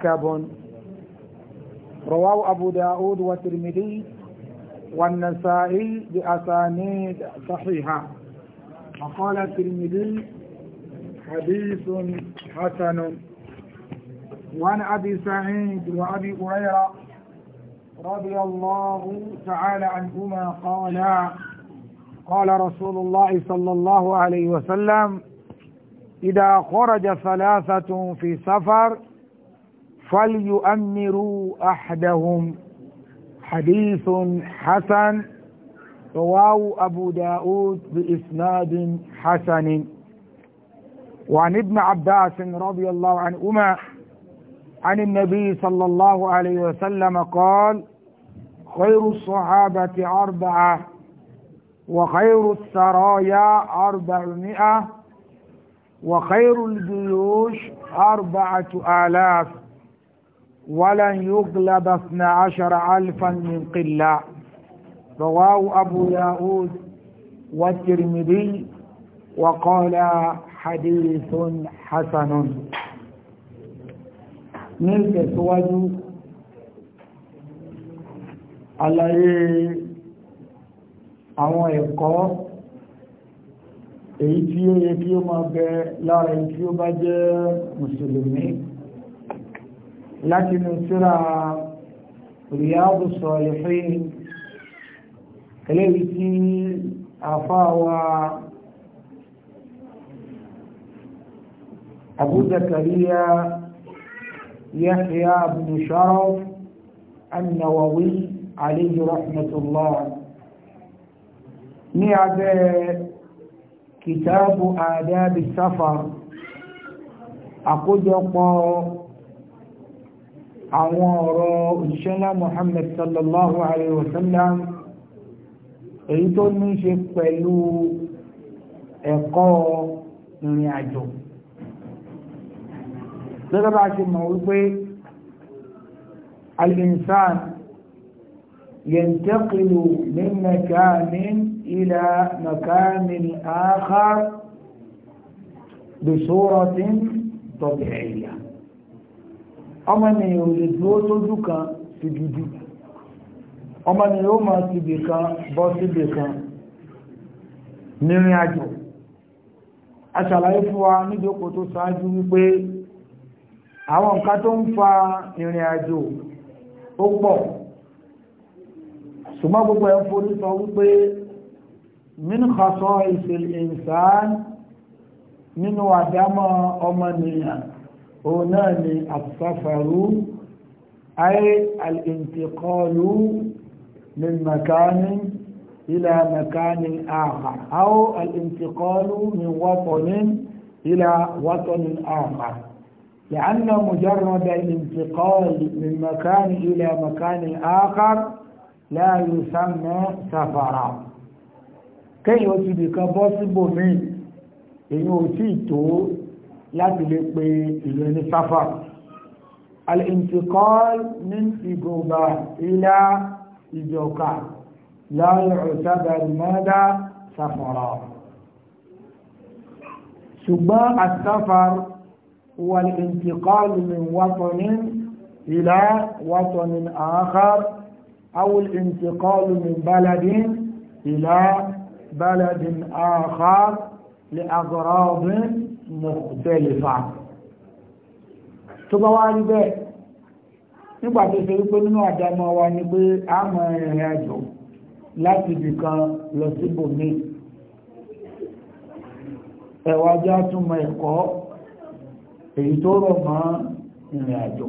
كتاب رواه أبو داود والترمذي والنسائي بأسانيد صحيحة وقال الترمذي حديث حسن وعن أبي سعيد وأبي هريرة رضي الله تعالى عنهما قالا قال رسول الله صلى الله عليه وسلم إذا خرج ثلاثة في سفر فليؤمروا أحدهم حديث حسن رواه أبو داود بإسناد حسن وعن ابن عباس رضي الله عنهما عن النبي صلى الله عليه وسلم قال خير الصحابة أربعة وخير السرايا أربعمائة وخير الجيوش أربعة آلاف ولن يغلب عشر ألفا من قلة رواه أبو داود والترمذي وقال حديث حسن نلت سواج على àwọn ẹ̀kọ́ èyí tí ó yẹ kí ó máa bẹ lára èyí tí ó bá jẹ́ mùsùlùmí لكن من رياض الصالحين كليتي أفاوى أبو زكريا يحيى بن شرف النووي عليه رحمة الله نعم كتاب آداب السفر أقول يقول àwọn ọ̀rọ̀ òṣìṣẹ́ ńlá Muhammad sallallahu alayhi wa sallam èyí tó ní ṣe pẹ̀lú ẹ̀kọ́ ìrìn àjò gẹ́gẹ́ bá ṣe mọ̀ wípé al-insan yantaqilu min makanin ila makanin akhar bi suratin tabi'iyya ọmọ ènìyàn ò lè dúró lójú kan ti gidi ọmọ ènìyàn ó máa síbì kan bọ́ síbì kan nírìn àjò aṣàlàyé fún wa níjókòó tó ṣáájú wípé àwọn nǹkan tó ń fa ìrìn àjò ó pọ̀ ṣùgbọ́n gbogbo ẹ̀ ń forí sọ wípé min khasa'is al-insan nínú àdámọ́ ọmọnìyàn òun náà ni àtúfàfàrú ayé alìntìkọlù min makani ila makani akhar aw alìntìkọlù min watanin ila watanin akhar لأن مجرد الانتقال من مكان إلى مكان آخر لا يسمى سفرا كي يتبقى بصبه من إنه تيتو láti lè pe ìlú ní sáfà al-intiqal min ìgbòba ilá ìjọka láàrín ọ̀sága mẹ́dá sáfàrà ṣùgbọ́n asáfàr wal-intiqal min watanin ilá watanin akhar aw al-intiqal min baladin ilá baladin akhar li aghrad mọ̀kútẹ́lifà tó bá wá rí bẹ́ẹ̀ nígbà tó ṣe wípé nínú àdámọ́ wa ni pé a mọ ìrìn àjò láti ibì kan lọ síbòmí ẹ̀wà jẹ́ àtúmọ̀ ẹ̀kọ́ èyí tó rọ̀ mọ́ ìrìn àjò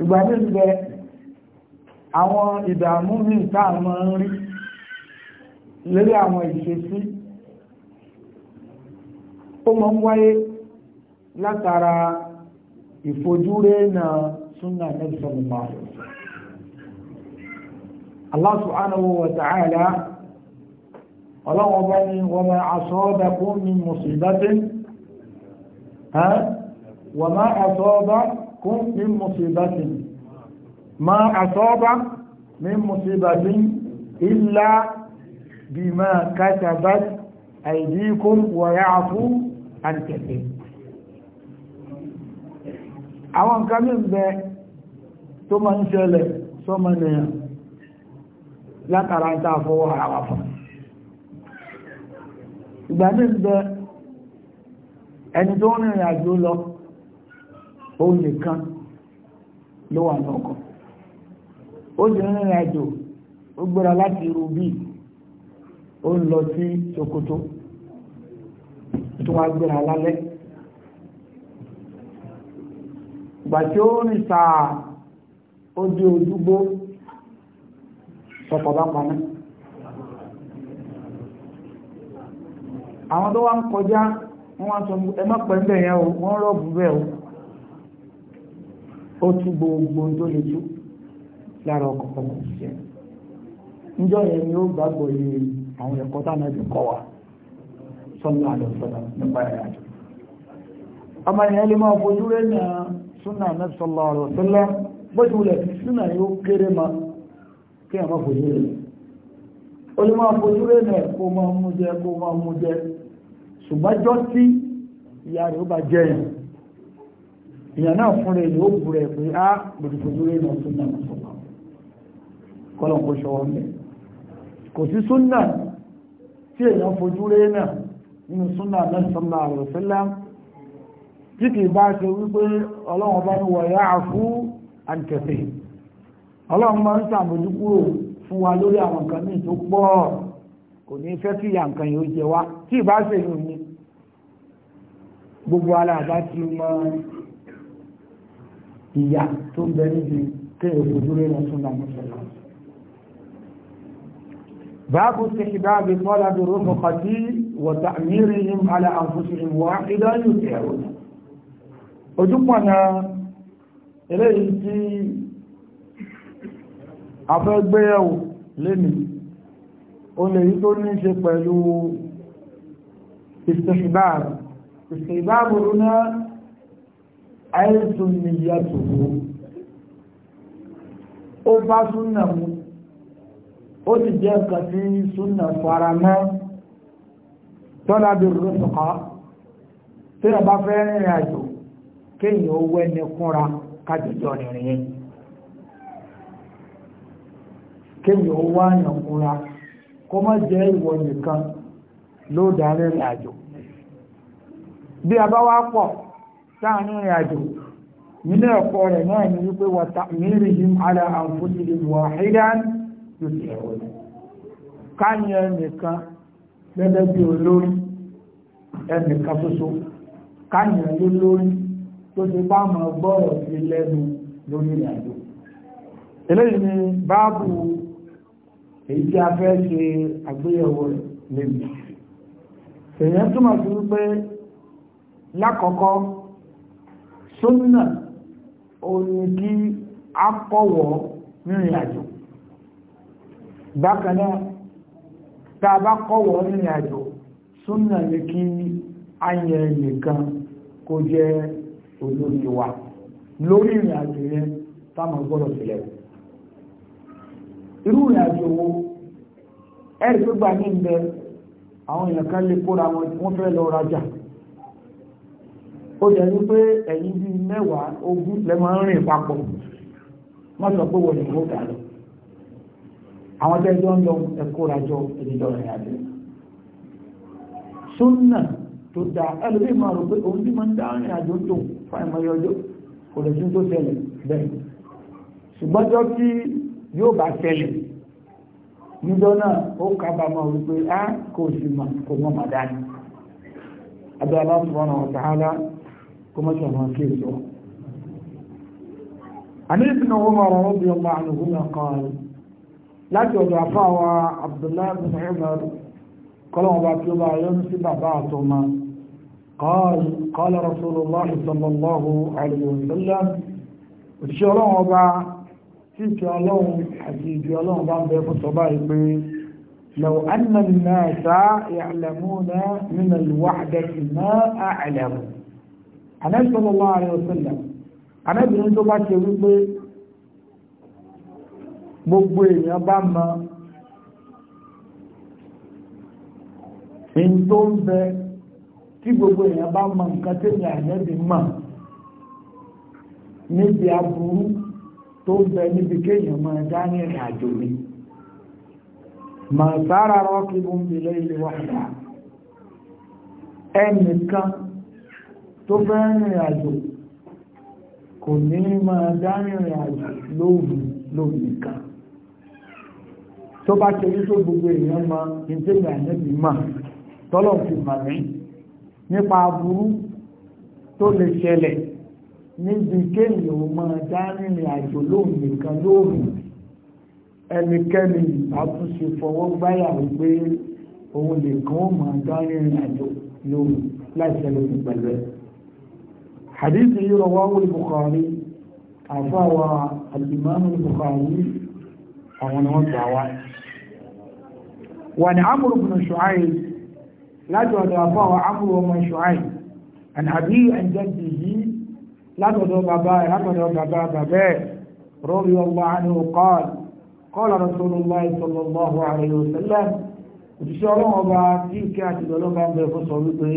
ìgbà ní àwọn ìdààmú mi tá a rí lórí àwọn ìṣesí ó máa ń wáyé látara ìfojúré náà súnà Nabi sallallahu alaihi wasallam Allah subhanahu wa ta'ala ọlọ́wọ́ bá ní wa ma asabakum min musibatin wa ma asabakum min musibatin ma asaba min musibatin illa bima katabat aydikum wa ya'fu àtẹ̀lé àwọn nǹkan mí bẹ tó máa ń ṣẹlẹ̀ sọ́mọ ènìyàn látara ń tàà fọwọ́ ara wa fún ìgbà mí bẹ ẹni tó ń rìnrìn àjò lọ o nìkan ló wà ní ó sì rìnrìn àjò ó láti ó ń lọ sí Sokoto. tó wá gbéra lálẹ́ ìgbà tí ó rìn sáà ó dé ojúgbó sọ̀tọ̀ bá paná àwọn tó wá ń kọjá wọ́n wá sọ ẹmọ́ pẹ̀lẹ̀ yẹn o wọ́n o ó tú gbogbo tó lè tú lára ọkọ̀ níjọ́ sọ́lá àlọ́sọ́lá nípa ẹ̀rọ àjò ọmọ ìyẹn lè máa fojú rẹ̀ na súnà náà sọ́lá àlọ́sọ́lá bójú rẹ̀ súnà yóò kéré ma kí ẹ̀mọ́ fojú rẹ̀ ó lè máa fojú rẹ̀ na kó máa mú jẹ kó máa mú jẹ ṣùgbọ́njọ́ tí ìyá rẹ̀ ó bá jẹ yẹn ìyẹn náà fún rẹ̀ ni ó rẹ̀ pé á bòdì fojú rẹ̀ na súnà náà sọ́lá kọ́lọ̀ kó ṣọwọ́ mẹ́ kò sí súnà tí èèyàn fojú rẹ̀ náà nínú súnà lẹ́sọ̀lá àrùsílá tí kìí bá ṣe wípé ọlọ́run bá ń wọ̀yá àfú àǹtẹ̀fẹ̀ ọlọ́run máa ń sàmójú kúrò fún wa lórí àwọn nǹkan míì tó pọ̀ kò ní fẹ́ kí ìyà nǹkan yìí ó jẹ wá tí ìbá ṣe yìí ni gbogbo ara àbá ti mọ ìyà tó ń bẹ níbi kéèyàn fojú rẹ̀ lọ súnà mọ́sọ̀lá báàbù ti ṣe báàbù tọ́lá dòrò mọ̀kàtí وتأميرهم على أنفسهم واحدا يطيعون ojúpọ̀nà eléyìí tí a fẹ́ gbéyẹ̀wò lémi o lè yí tó ní ṣe pẹ̀lú ìsìnbáàrù ìsìnbáàrù lónà àìsùn níyàtò ó bá súnnà mú ó sì jẹ́ kàtí súnnà fara náà tọ́lá bí rúrùsùkọ́ tí ọba fẹ́ rìnrìn àjò kéèyàn ó wẹ́ ní kúnra kájọjọ rìnrìn yẹn kéèyàn ó wá yàn kúnra kó má jẹ́ ìwọ nìkan ló dá rìnrìn àjò bí a bá wá pọ̀ táà ní rìnrìn àjò nínú ẹ̀kọ́ rẹ̀ náà ni wípé wọ́ta mìírí yìí ala àǹfóṣìlì wàhídán yóò ti ẹ̀wọ̀ káyẹ̀ nìkan gẹ́gẹ́ bí olórí ẹnìkan ṣoṣo káyàn ló lórí tó ti bá mọ gbọ́rọ̀ sí lẹ́nu lórí ìrìnàjò eléyìí ni báàbù èyí tí a fẹ́ ṣe àgbéyẹ̀wò lèmi èèyàn túmọ̀ sí wípé lákọ̀ọ́kọ́ sómìnà òní kí a kọ̀wọ̀ rìnrìn àjò bákan náà tá a bá kọ̀wọ̀ rìnrìn àjò sómìnà ní kí ayẹ nìkan kó jẹ́ olórí wa lórí ìrìn àjò yẹn táwọn gbọ́dọ̀ sílẹ̀ irú ìrìn àjò wo ẹ̀rí tó gbà ní ìbẹ̀ àwọn èèyàn kan lè kóra wọn fẹ́ lọ rajà ó jẹ́ wípé ẹ̀yin bí mẹ́wàá ogún lẹ́mọ̀ ń rìn papọ̀ wọ́n sọ pé wọ́n lè dà lọ àwọn tẹ́jọ́ ń lọ ẹ̀kọ́ rajọ ìdíjọ́ rẹ̀ àjẹ́ súnà tó da ẹlòmí máa rò pé òun bí máa ń dá rìn àjò tó fáìmọye ọjọ́ kò lè tún tó ṣẹlẹ̀ bẹ́ẹ̀ ṣùgbọ́jọ́ tí yóò bá ṣẹlẹ̀ níjọ́ náà ó kábàámọ̀ wípé á kò sì mà kò mọ̀ mà dání abẹ́ aláṣùwọ̀n àwọn sàhálà kó mọ̀ ṣe àwọn kéèsì wọn. àní ìpinnu wọn máa rọrùn bí ọmọ àlùkùn náà kan láti ọ̀dọ̀ àfáà Abdullahi bin kọ́lọ́wọ́n bá tí ó bá yọ́nú sí bàbá àtọ́mọ́ قال قال رسول الله صلى الله عليه وسلم الشرع وبع فيك الله حسيك الله وبع بيقول صباحي لو أن الناس يعلمون من الوحدة ما أعلم أنا صلى الله عليه وسلم أنا بنت باتي ويقول gbogbo èèyàn bá mọ ẹni tó ń bẹ tí gbogbo èèyàn bá mọ nǹkan tí èèyàn àjẹ́bí mọ̀ níbi aburú tó ń bẹ níbi kéèyàn máa dá ní ìrìn àjò ni màsára rọ́ọ̀kì ń bilé ilé wàhálà ẹnìkan tó fẹ́ rìnrìn àjò kò ní máa dá rìnrìn àjò lóòrùn lóòrùn nìkan tó bá ṣe ní tó gbogbo èèyàn mọ ní tí èèyàn àjẹ́bí mọ̀ tọ́lọ̀ fi mà mí nípa aburú tó lè ṣẹlẹ̀ níbi kéèyàn ò mọ dárìnrìn àjò lóun nìkan lóòrùn ẹnikẹ́ni àtúnṣe fọwọ́ gbáyà wípé òun nìkan ó mọ dárìnrìn àjò lóòrùn láìṣẹ́ lórí pẹ̀lú ẹ̀. حديث رواه البخاري عفاوى الإمام البخاري أو نوزع وعن عمرو بن شعيب láti ọ̀dọ̀ àpá àwọn amúrò ọmọ ṣùháì àbí ẹ̀jẹ̀dì yìí látọ̀dọ̀ bàbá ẹ̀ látọ̀dọ̀ bàbá bàbá ẹ̀ rọ́bì ọgbà àni ọkọ̀ọ̀l kọ́lá rasulullah sallallahu alayhi wa sallam òṣìṣẹ́ ọlọ́wọ́ bá tí kí àti ìdọ̀lọ́gbà ń bẹ fún sọ wípé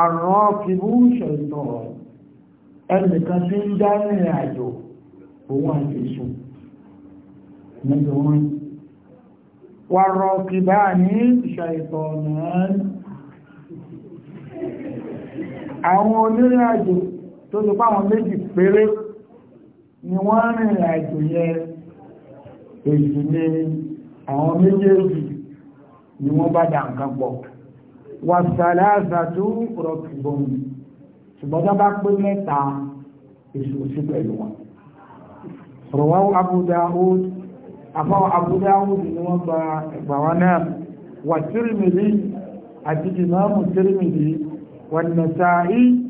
àrọ́ kí bú ṣètò ẹnìkan tí ń dá rìnrìn àjò òun àti èso nígbà wọn wà ní ṣètò náà àwọn onírìn àjò tó ti páwọn méjì péré ni wọ́n rìnrìn àjò yẹn èyí ni àwọn méjèèjì ni wọ́n bá dà nǹkan pọ̀ wà sàlẹ̀ àzàtú rọ̀kì bọ̀mù ṣùgbọ́n tó bá pé mẹ́ta èso sí pẹ̀lú wọn rọ̀wọ́ Abu Dawud afọ́ Abu Dawud ni wọ́n gba ẹgbàwá náà wà Tirmidhi àti والنسائي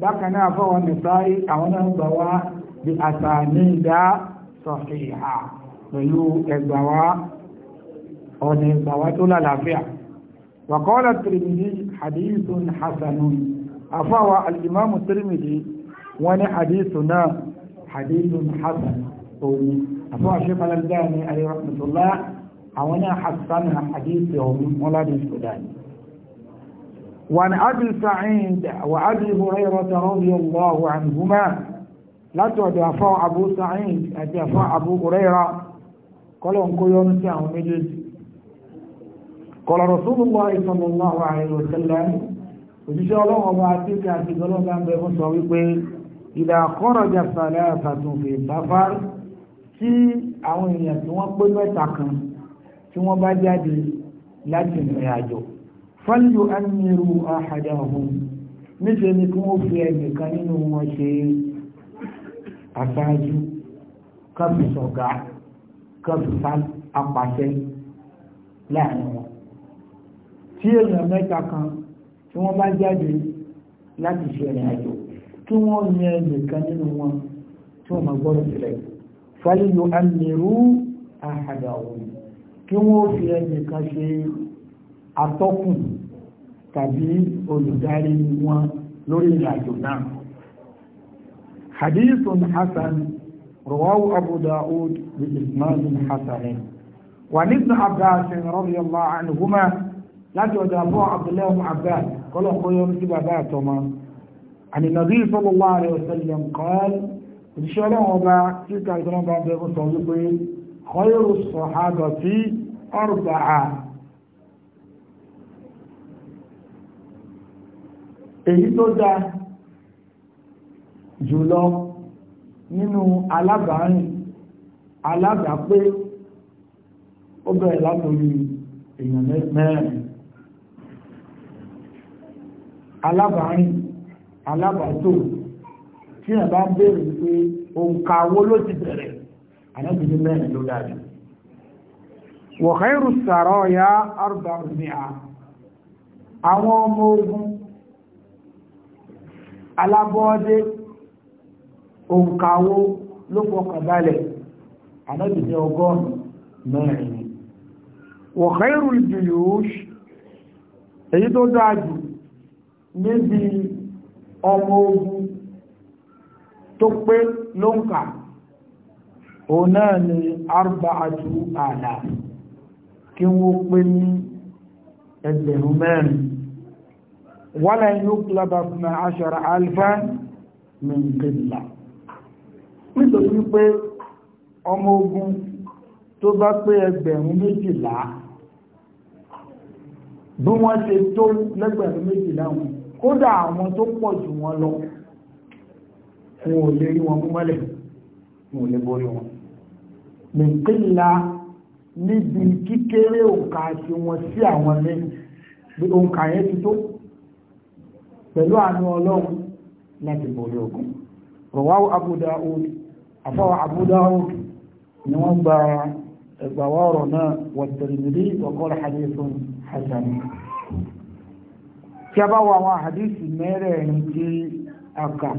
بكنا فهو النسائي أو نبوا بأسانيد صحيحة ولو الدواء أو الدواء لا لافع وقال الترمذي حديث حسن أفوى الإمام الترمذي وني حديثنا حديث حسن أفوى الشيخ الألباني عليه رحمة الله أو حسن حديث يوم ولد السوداني وعن أبي سعيد وأبي هريرة رضي الله عنهما لا تعدفع أبو سعيد أدفع أبو هريرة قال أنكو يوم سعون قال رسول الله صلى الله عليه وسلم وجيش الله وبعثك أتيك الله بأن بيكون صويبه إذا خرج ثلاثة في سفر tí àwọn èèyàn tí wọ́n pé mẹ́ta kan tí wọ́n bá jáde láti ìrìn àjò fọ́lù ánìrù àhàdáhùn níṣẹ́ ni kí wọ́n fi ẹnìkan nínú wọn ṣe àṣáájú kọ́bù sọ̀gá kọ́bù apàṣẹ láàrin wọn tí èèyàn mẹ́ta kan tí wọ́n bá jáde láti ṣe ìrìn àjò kí wọ́n yan ẹnìkan nínú wọn tí wọ́n máa gbọ́dọ̀ sílẹ̀ fọ́lù ánìrù àhàdáhùn kí wọ́n fi ẹnìkan ṣe atọ́kùn tàbí olùdarí wọn lórí ìrìnàjò náà hadithun hasan rawahu abu da'ud bi ismail hasan wa ibn abbas radiyallahu anhuma láti ọ̀dọ̀ abu abdullahi abbas kọ́lọ̀ kọ́yọ́ sí bàbá àtọ́mọ́ عن النبي صلى الله عليه وسلم قال إن شاء الله وما تلك الكلام بعد ذلك خير الصحابة أربعة èyí tó dáa jùlọ nínú alábàárìn alábàápé ó bẹ̀rẹ̀ látòrí èèyàn mẹ́rin alábàárìn alábàátò tí ẹ̀ bá bèèrè wípé òǹkà wo ló ti bẹ̀rẹ̀ anábìnrin mẹ́rin ló dájú wọ̀kẹ́rù sàrọ̀ ya arúgbà òmìnira àwọn ọmọ ogun alábọ́ọ́dé òǹkàwó ló fọkàn balẹ̀ ànábìdẹ ọgọ́rùn mẹ́rin wọ̀kẹ́rù ìdìyòóṣì èyí tó dájú níbi ọmọ ogun tó pé ló ń kà òun náà ni arba àjú àlà kí wọ́n pé ní ẹgbẹ̀rún mẹ́rin wala yuklaba fún aṣọ́ra alfa min qilla nítorí wípé ọmọ ogun tó bá pé ẹgbẹ̀rún méjìlá bí wọ́n ṣe tó lẹ́gbẹ̀rún méjìlá wọn kódà àwọn tó pọ̀ jù wọn lọ wọn ò lè rí wọn mú mọ́lẹ̀ wọn borí wọn min qilla níbi kíkéré òǹkà sí wọn sí àwọn lẹ́yìn òǹkà yẹn ti tó pẹ̀lú àánú ọlọ́run láti borí ogun rọ̀wáwó Abu Dawud afọ́wọ́ Abu Dawud ni wọ́n gba ẹgbàwọ́ ọ̀rọ̀ náà wọ́n Tirmidhi hadithun hasan tí a bá wọ àwọn hadithi mẹ́rẹ̀ẹ̀rin tí a kà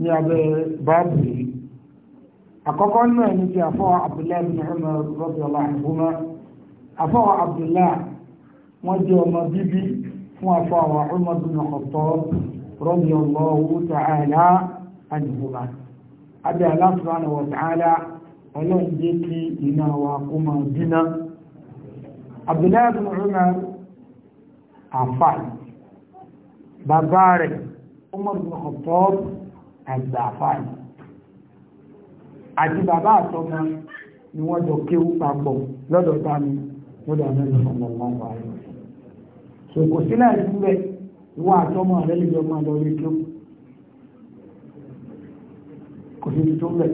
ní abẹ́ báàbù yìí náà ní ti afọ́wọ́ afọ́wọ́ wọ́n jẹ́ ọmọ bíbí fún afọ àwọn ọmọdún ní ọ̀tọ́ rọ́bì ọ̀lọ́ owó tààlà àdìbòbà abẹ́ aláfúránà wọ̀ tààlà ọlọ́run jẹ́ kí iná wa kó máa dínà abdullahi bin umar afal bàbá rẹ̀ àti bàbá àtọ́mọ ni wọ́n jọ kéwú papọ̀ lọ́dọ̀ tani lọ́dọ̀ àmẹ́rin ọmọ ọmọ ọmọ ayé kò sí láì síbẹ̀ ìwọ àtọmọ rẹ lè jọ máa lọ rí tó kò sí tó bẹ̀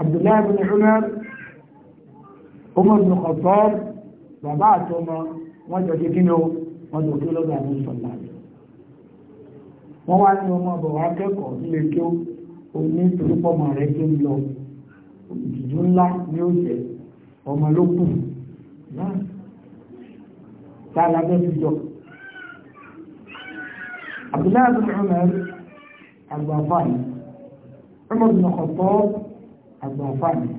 Abdullahi bin Umar Umar bin Khattab bàbá àtọmọ wọn jọ ṣe kíni o wọn jọ kí lọ́dọ̀ àwọn ìṣọ̀lá wọn wá ní ọmọ bọ̀ wá kẹ́kọ̀ọ́ nílé tó oní ìtòlúpọ̀mọ rẹ tó ń lọ ìtìjú ńlá ni ó jẹ ọmọ ló kù láti قال عبد الله بن عمر الوفاني عمر بن الخطاب الوفاني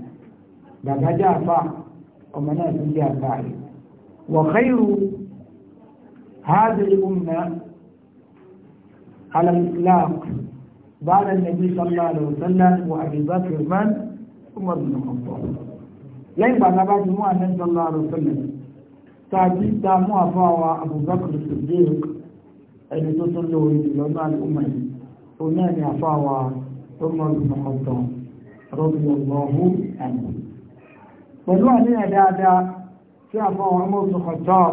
لما جاء باع ومنات جاء باعي وخير هذه الأمة على الإطلاق بعد النبي صلى الله عليه وسلم وأبي بكر من عمر بن الخطاب لين بعد بعد ما صلى الله عليه وسلم tàbí dámú àfáwà Abubakar Siddiq ẹni tó tún lórí ìlọ náà lómọ yìí òun náà ni àfáwà Umar bin Khattab radiyallahu anhu pẹ̀lú àníyàn dáadáa tí àfáwà Umar bin Khattab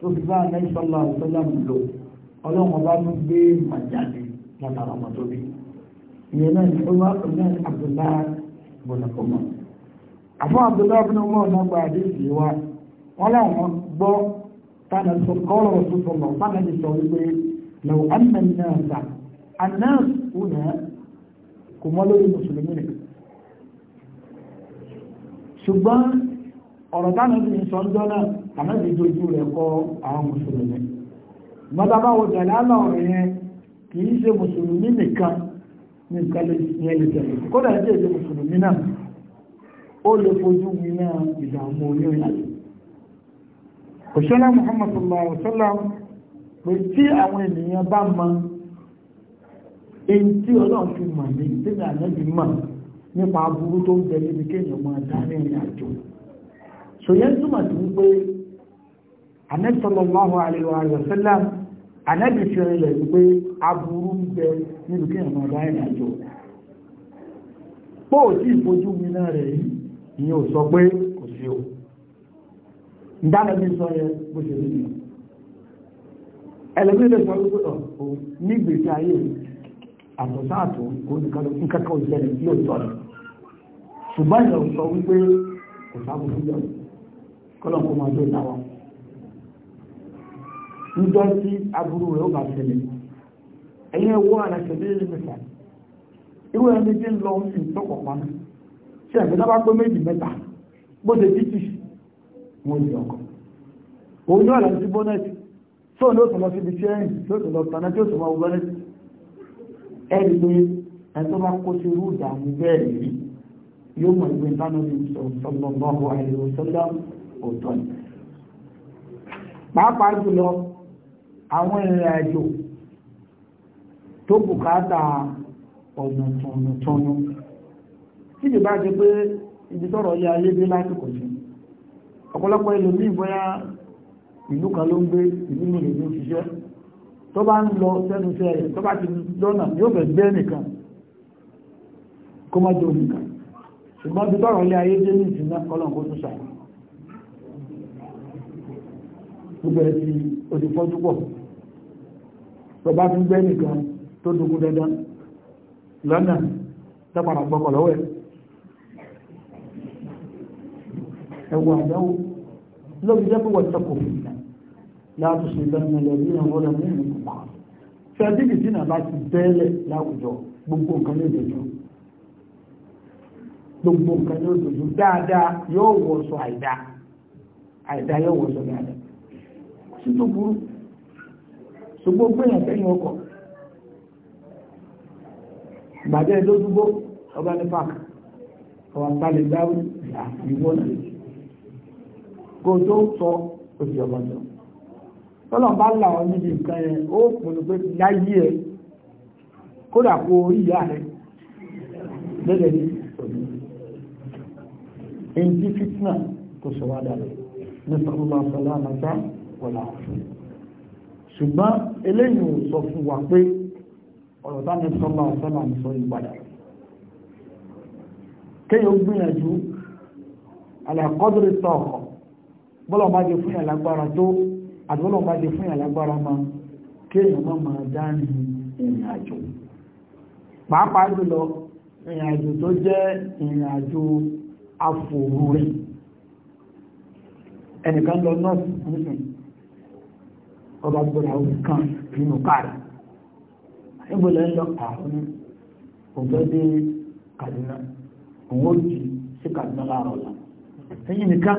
tó fi bá àlẹ́ sallallahu alaihi wasallam lò ọlọ́run bá tún gbé màjáde látara ọmọ tó bí ìyẹn náà ni ọlọ́run náà ni Abdullahi bọ̀nàkọ́mọ́ àfọ́ Abdullahi bọ̀nàkọ́mọ́ náà gba àdéhùn wọ́n láwọn gbọ́ tánà sọ kọ́rọ̀ ọ̀tútù lọ tánà lè sọ wípé lọ ẹnna náà sà àná ònà kò mọ́ lórí mùsùlùmí nì ṣùgbọ́n ọ̀rọ̀ tánà lè sọ ń dọ́nà tánà lè dojú rẹ̀ kọ àwọn mùsùlùmí mọ́tàbá wo tẹ̀lé àná ọ̀rọ̀ yẹn kì í ṣe mùsùlùmí nìkan ní nǹkan yẹn lè tẹ̀lé kódà ní ṣe mùsùlùmí náà ó lè fojú wí náà ìdààmú onírin òṣèlá Muhammad sallallahu alaihi wasallam pé tí àwọn ènìyàn bá mọ èyí tí ọlọ́run fi mọ̀ ní tẹ́lẹ̀ ànábì mọ̀ nípa aburú tó ń bẹ níbi kéèyàn máa dá ní ìrìn àjò ṣòyẹ́ túmọ̀ sí wípé ànábì sallallahu alaihi wasallam ànábì fi rinlẹ̀ wípé aburú ń bẹ níbi kéèyàn máa dá ìrìn ìdánilẹ́bí sọ yẹ bó ṣe rí ẹlẹ́bí lè sọ wípé ọ̀ nígbèsí ayé àtọ̀sáàtò kò nǹkankan òṣèlú tí ó tọ́ rẹ̀ ṣùgbọ́n sọ wípé kò kọ́lọ̀ kó máa aburú rẹ̀ ó bá ṣẹlẹ̀ bí mẹ́ta irú ẹni tí ń lọ sí ìtọ́kọ̀ pé méjì mẹ́ta bó ṣe títì wọ́n yọ ọkọ̀ òun yóò lọ sí bọ́nẹ́tì tó ló tún lọ síbi sẹ́yìn tó tún lọ tàná tó tún lọ bọ́nẹ́tì ẹni pé ẹni tó bá kó sí irú ìdààmú bẹ́ẹ̀ rí yóò mọ̀ ìgbé ìtànà ní sallallahu alaihi wasallam òótọ́ ni pàápàá jùlọ àwọn ìrìn àjò tó bùkátà ọ̀nà tọ̀nà tọ̀nà tí ìbá jẹ pé ibi tọ́rọ̀ ilé ayé dé lásìkò ọ̀pọ̀lọpọ̀ ẹlòmíì bóyá ìlú kan ló ń gbé ìlú mi lè ní òṣìṣẹ́ tó bá ń lọ sẹ́nu iṣẹ́ rẹ̀ tó bá ti lọ́nà yóò fẹ́ gbé nìkan kó má jẹ́ nìkan ṣùgbọ́n ti tọ́rọ ilé ayé dé ní ìsìnná kọ́lọ̀n kó tún ṣàrẹ̀ gbogbo ẹ̀ ti òdìfọ́jú pọ̀ tó bá tún gbé nìkan tó dùnkún dandan lọ́nà tẹ́pàdà gbọ́kọ̀ lọ́wọ́ ẹ̀ ẹ̀wọ̀ àdáwò lóbi jẹ́pẹ́ wọ́n tẹ́kọ̀ fìlà láti ṣe ìbẹ́nu lẹ́bí náà wọ́n lẹ́mú ìlú kan fẹ́ẹ́dìgì tí náà láti bẹ́ẹ̀lẹ̀ láwùjọ gbogbo nǹkan ní ìdòjú gbogbo nǹkan ní ìdòjú dáadáa yóò wọ̀ sọ àìdá àìdá yóò wọ̀ sọ dáadáa sí tó burú ṣùgbọ́n gbẹ̀yàn sẹ́yìn ọkọ̀ gbàdé lójúgbó ọba ní pàk ọba pálí dáwù ìwọ́n náà kó tó sọ oṣù ọ̀gbọ̀njọ́ tọ́lọ̀ bá là ọ níbi nǹkan yẹn ó pinnu pé láyé ẹ kódà kó orí ìyá rẹ lẹ́lẹ̀ ní òní èyí tí fitna tó sọ wá dàrẹ́ nípa sọlá àmàjá wọ̀là àfún ṣùgbọ́n eléyìí ò sọ fún wa pé ọ̀rọ̀ tá ní sọ́mà sọ́mà ń ìpadà kéèyàn gbìyànjú àlàkọ́dúrí tọ̀kọ̀ bọ́lọ̀ bá jẹ fún ìyàlágbára tó àdúgbọ́lọ̀ bá jẹ fún ìyàlágbára ma kéèyàn má máa dání ìrìn àjò pàápàá jùlọ ìrìn àjò tó jẹ́ ìrìn àjò afòrú rẹ̀ ẹnìkan lọ nọ́ọ̀sì nísìn ọba gbọ́dọ̀ àwọn kan nínú káàdì níbòlẹ̀ ń lọ àwọn òfẹ́ dé Kaduna òun ó jì sí Kaduna láàárọ̀ ọ̀la ẹ̀yìn nìkan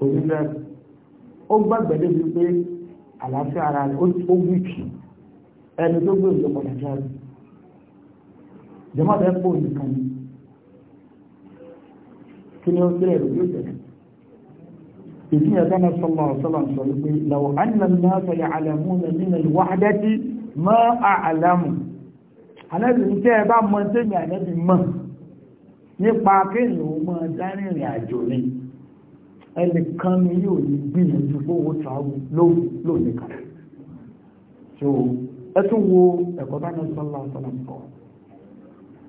òun náà ó gbàgbé débi pé àlàáfíà ara rẹ̀ ó wíìkì ẹni tó gbé ìjọba nàìjíríà rẹ̀ jọmọ́tà ẹ̀pọ̀ nìkan ni kí ni ó sílẹ̀ rẹ̀ yóò tẹ̀lé ìdí ẹ̀ka náà sọ́lá ọ̀sọ́lá sọ wípé lọ́wọ́ ànàm náà sọ̀yà àlàmú nà nínú ìwà àdẹ́tí mọ́ àlàmù àlẹ́bí ní tẹ́ ẹ bá mọ tẹ́mi àlẹ́bí mọ́ nípa kéèyàn ó mọ dárìnrìn àjò ni ẹnìkan ni yóò ní gbìyànjú owó tààwù lónìí kan so ẹ tún wo ẹ̀kọ́ bá ní sọ́lá sọ́lá kọ́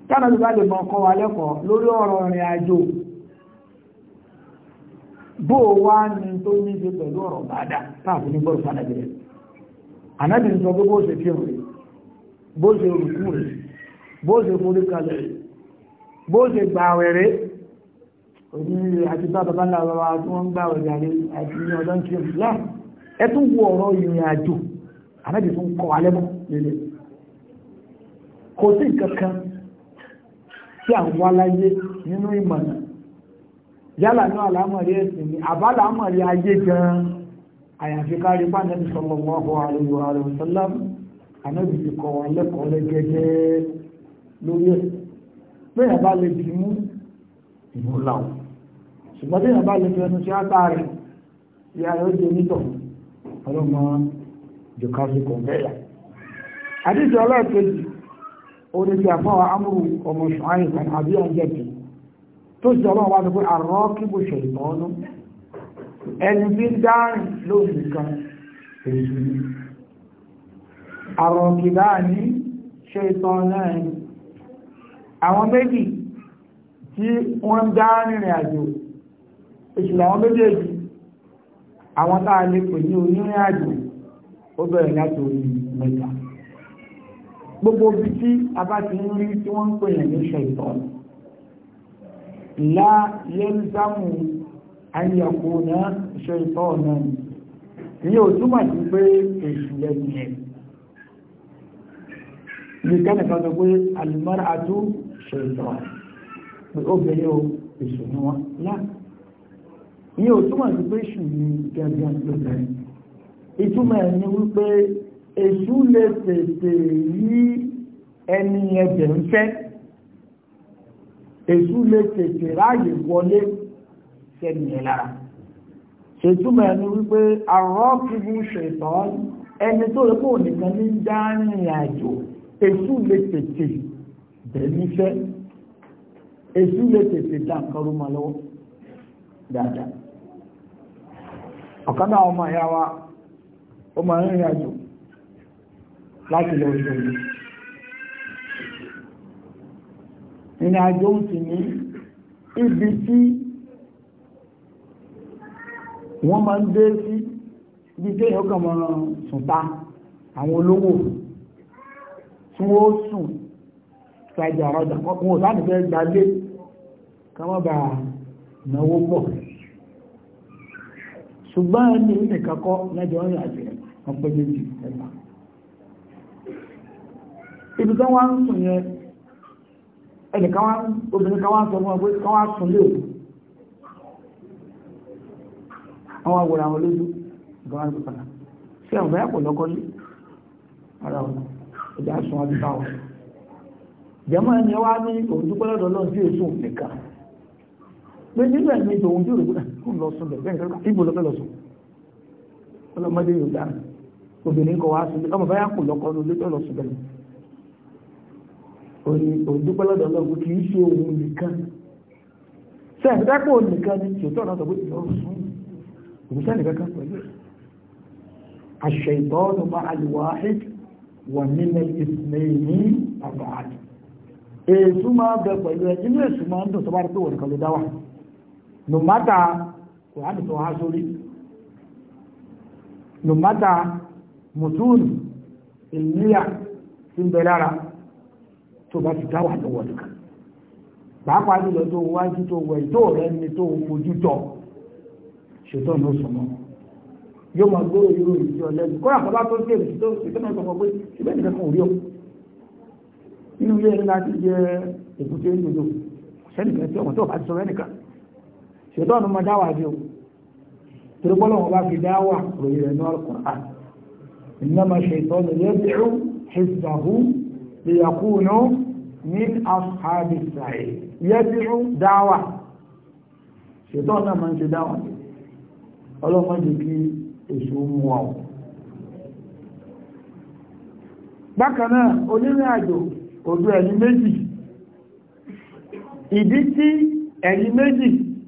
táwọn ọdún bá o wá ní tó ní ṣe pẹ̀lú ọ̀rọ̀ bàdà táàbù ní gbọ́dọ̀ sádàbí rẹ̀ ànábì ń sọ pé bó ṣe kírun rẹ̀ bó ṣe rùkú rẹ̀ bó ṣe forí kalẹ̀ rẹ̀ bó òní àti bá bàbá ńlá bàbá tí wọ́n ń gbà ọ̀rẹ́ àlẹ́ àti ní ọdọ́ ń kí ọ̀rẹ́ láà ẹ tún wo ọ̀rọ̀ ìrìn àjò àmẹ́bí fún kọ alẹ́ mọ́ nílé kò sí nǹkan kan tí àwọn aláyé nínú ìmọ̀nà yálà náà lámọ̀rí ẹ̀sìn ni àbá lámọ̀rí ayé gan-an àyàfi kárí bá nẹ́bí sọ̀rọ̀ mọ́ ọkọ̀ àrẹ̀wò àrẹ̀wò sọ́lám àmẹ́bí ti kọ̀ ọ̀lẹ́kọ̀ọ́ lẹ́gẹ́gẹ́ lórí ẹ̀ bẹ́ẹ̀ bá lè ti mú ìmúláwọ̀ ṣùgbọ́n tí èèyàn bá lè fi ẹnu ṣe ápá rẹ̀ ìyá rẹ̀ ó di onítọ̀ ọlọ́mọ jòkà sí kọ̀ǹgẹ́yà àdíjọ ọlọ́ọ̀kejì orí ti àfọwọ́ amúrù ọmọ ṣùgbọ́n kan àbí ọ̀jẹ̀tì tó ṣe ọlọ́wọ́ wá tí wọ́n dá rìnrìn àjò èṣù làwọn méjèèjì àwọn táà lè pè ní onírìn àjò ó bẹ̀rẹ̀ láti orí mẹ́ta gbogbo bí tí a bá ti ń rí tí wọ́n ń pè yàn ní ṣẹ̀tọ́ la yẹnsámù ayẹ̀kọ́ náà ṣẹ̀tọ́ náà ní ò túmọ̀ sí pé èṣù lẹ́nu yẹn nìkan sọ pé alimọ́ra atú ṣẹ̀tọ́ pé obìnrin o èṣù ni wọ́n láti ìyẹn ò túmọ̀ sí pé èṣù ni gẹ́gẹ́ àgbẹ̀rẹ̀ ìtumọ̀ ẹ̀ ni wípé èṣù lè tètè yí ẹni ẹ̀bẹ̀ ń fẹ́ èṣù lè tètè ráàyè wọlé sẹ́ni ẹ̀ lára ṣètúmọ̀ ẹ̀ ni wípé àrọ́kìbù ṣètọ́ ẹni tó lè kó nìkan ní dá rìnrìn àjò èṣù lè tètè bẹ̀ nífẹ̀ẹ́ èṣù lè tètè dá nǹkan rú mọ́ lọ́wọ́ dáadáa ọ̀kan náà ọmọ ìyá wa ó máa ń rìnrìn àjò láti lọ ṣòro ìrìn àjò ń sì ní ibi tí wọ́n máa ń dé sí ibi tí èèyàn kàn máa sùnta àwọn olówó tí wọ́n sùn ṣàjà ọ̀rọ̀jà wọn ò sáà fẹ́ gbalé kí náwó pọ̀ sí ṣùgbọ́n ẹni nìkan kọ́ lẹ́jọ́ rìn àjẹ́ wọn pé méjì ẹ̀fà ibi tó wá ń sùn yẹn ẹnìkan wá obìnrin kan wá sọ fún ọ pé kan wá sùn lé òkú àwọn àwòrán àwọn olójú ìgbọ́n àti pàtàkì sí àwọn ìyàpọ̀ lọ́kọ́ ní ara ọ̀nà ìjà sùn àti báwọn jẹ́mọ́ ẹni wá ní òun dúpẹ́ lọ́dọ̀ sí èso nìkan pé nígbà mi tòun dúró náà kò lọ sùn bẹ̀rẹ̀ nǹkan ibo lọ́fẹ́ lọ sùn ọlọ́mọdé yóò dára obìnrin kọ̀ wá sílé ọmọ báyà kò lọ́kọ́ ló lé lọ sùn bẹ̀rẹ̀ òní òdúpẹ́ lọ́dọ̀ ọlọ́run kì í ṣe òun nìkan sẹ́ẹ̀fì dákò nìkan ni ṣètò ọ̀nà ọ̀gbọ́n ìjọ sùn òmùsẹ́ nìkan kan pẹ̀lú àṣẹ ìbọ́ọ̀nù máa àlùwà wà nílẹ̀ ìsìnlẹ̀yìní àbáàdì èsù máa bẹ pẹ̀lú ẹ̀ inú èsù máa ń dùn tó bá rí pé wọ̀nìkan ló dá wà no matter kùránì tó há sórí no matter mùtúùnù ìníyà tí ń bẹ lára tó bá ti dáwà lọ́wọ́ nìkan to jùlọ tó wájú tó wẹ̀ tó rẹ̀ ní tó fojú tọ̀ ṣètò ní oṣù mọ́ yóò máa gbóró irú ìjọ lẹ́nu kọ́ra kọ́ bá tó ń bèèrè tó ṣètò náà sọ pé ṣùgbọ́n ni kan ò rí o nínú ilé ẹni láti jẹ èkúté ń dodo sẹ́nìkan tí ọmọ tó bá ti sọ ẹnìkan ṣètọ́nù ma dáwà bí o tìrìpọ́lọ̀ wọn bá fi dáwà ròyìn rẹ̀ ní Al-Qur'an innama ṣètọ́nù yad'u hizbahu liyakunu min ashabi sa'id yad'u dáwà ṣètọ́nù náà máa ń ṣe dáwà bí ọlọ́mọ jù kí ìdí tí ẹ̀yìn méjì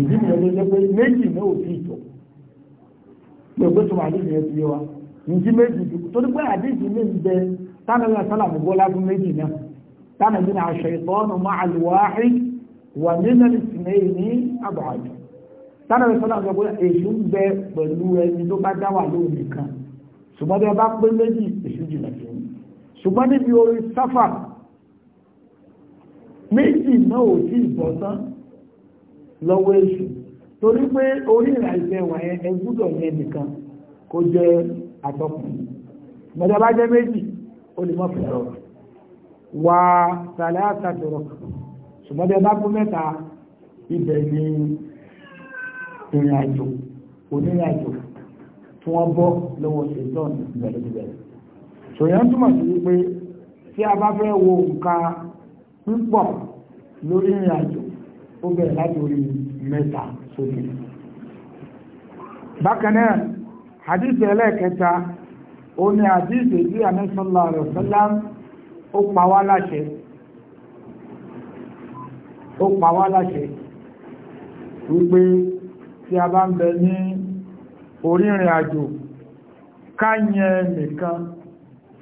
ìdí nìyẹn tó jẹ́ pé méjì ní òfin ìtọ̀ gbogbo tó wà nínú ẹbí wa ìdí méjì torí pé àdéjì ní ìbẹ tánàlá sálàmù bọ́lá fún méjì náà tánàlá ní aṣọ ìtọ́nù máa lùwáhí wà nínú ìsinmi ní àbàájọ tánàlá sálàmù sọ pé èṣù ń bẹ pẹ̀lú ẹni tó bá dá wà lóhùn nìkan ṣùgbọ́n bí a bá pé méjì èṣù jìnà sí i ṣùgbọ́n níbi orí sáfà méjì náà ò tí ì lọ́wọ́ èṣù torí pé orí ìrànṣẹ́ wà yẹn ẹ gbúdọ̀ yẹn nìkan kó jẹ́ àtọkùn gbọ́dọ̀ bá jẹ́ méjì ó lè mọ̀ fẹ́rọ̀ wà sàlẹ̀ àtàtọ̀rọ̀ ṣùgbọ́n bẹ́ẹ̀ bá kú mẹ́ta ibẹ̀ ni ìrìnàjò onírìnàjò tí wọ́n bọ́ lọ́wọ́ ṣètọ́n ìbẹ̀rẹ̀bẹ̀rẹ̀ ṣòyàn túmọ̀ sí wípé tí a bá fẹ́ wo nǹkan púpọ̀ lórí ìrìnàjò ó bẹ̀rẹ̀ láti orí mẹ́ta sókè bákan náà hadith ẹlẹ́ẹ̀kẹta ó ní hadith tí Ànábì sallallahu alaihi wasallam ó pa wá láṣẹ ó pa láṣẹ wípé tí a bá ń bẹ ní orírìn àjò káyẹ nìkan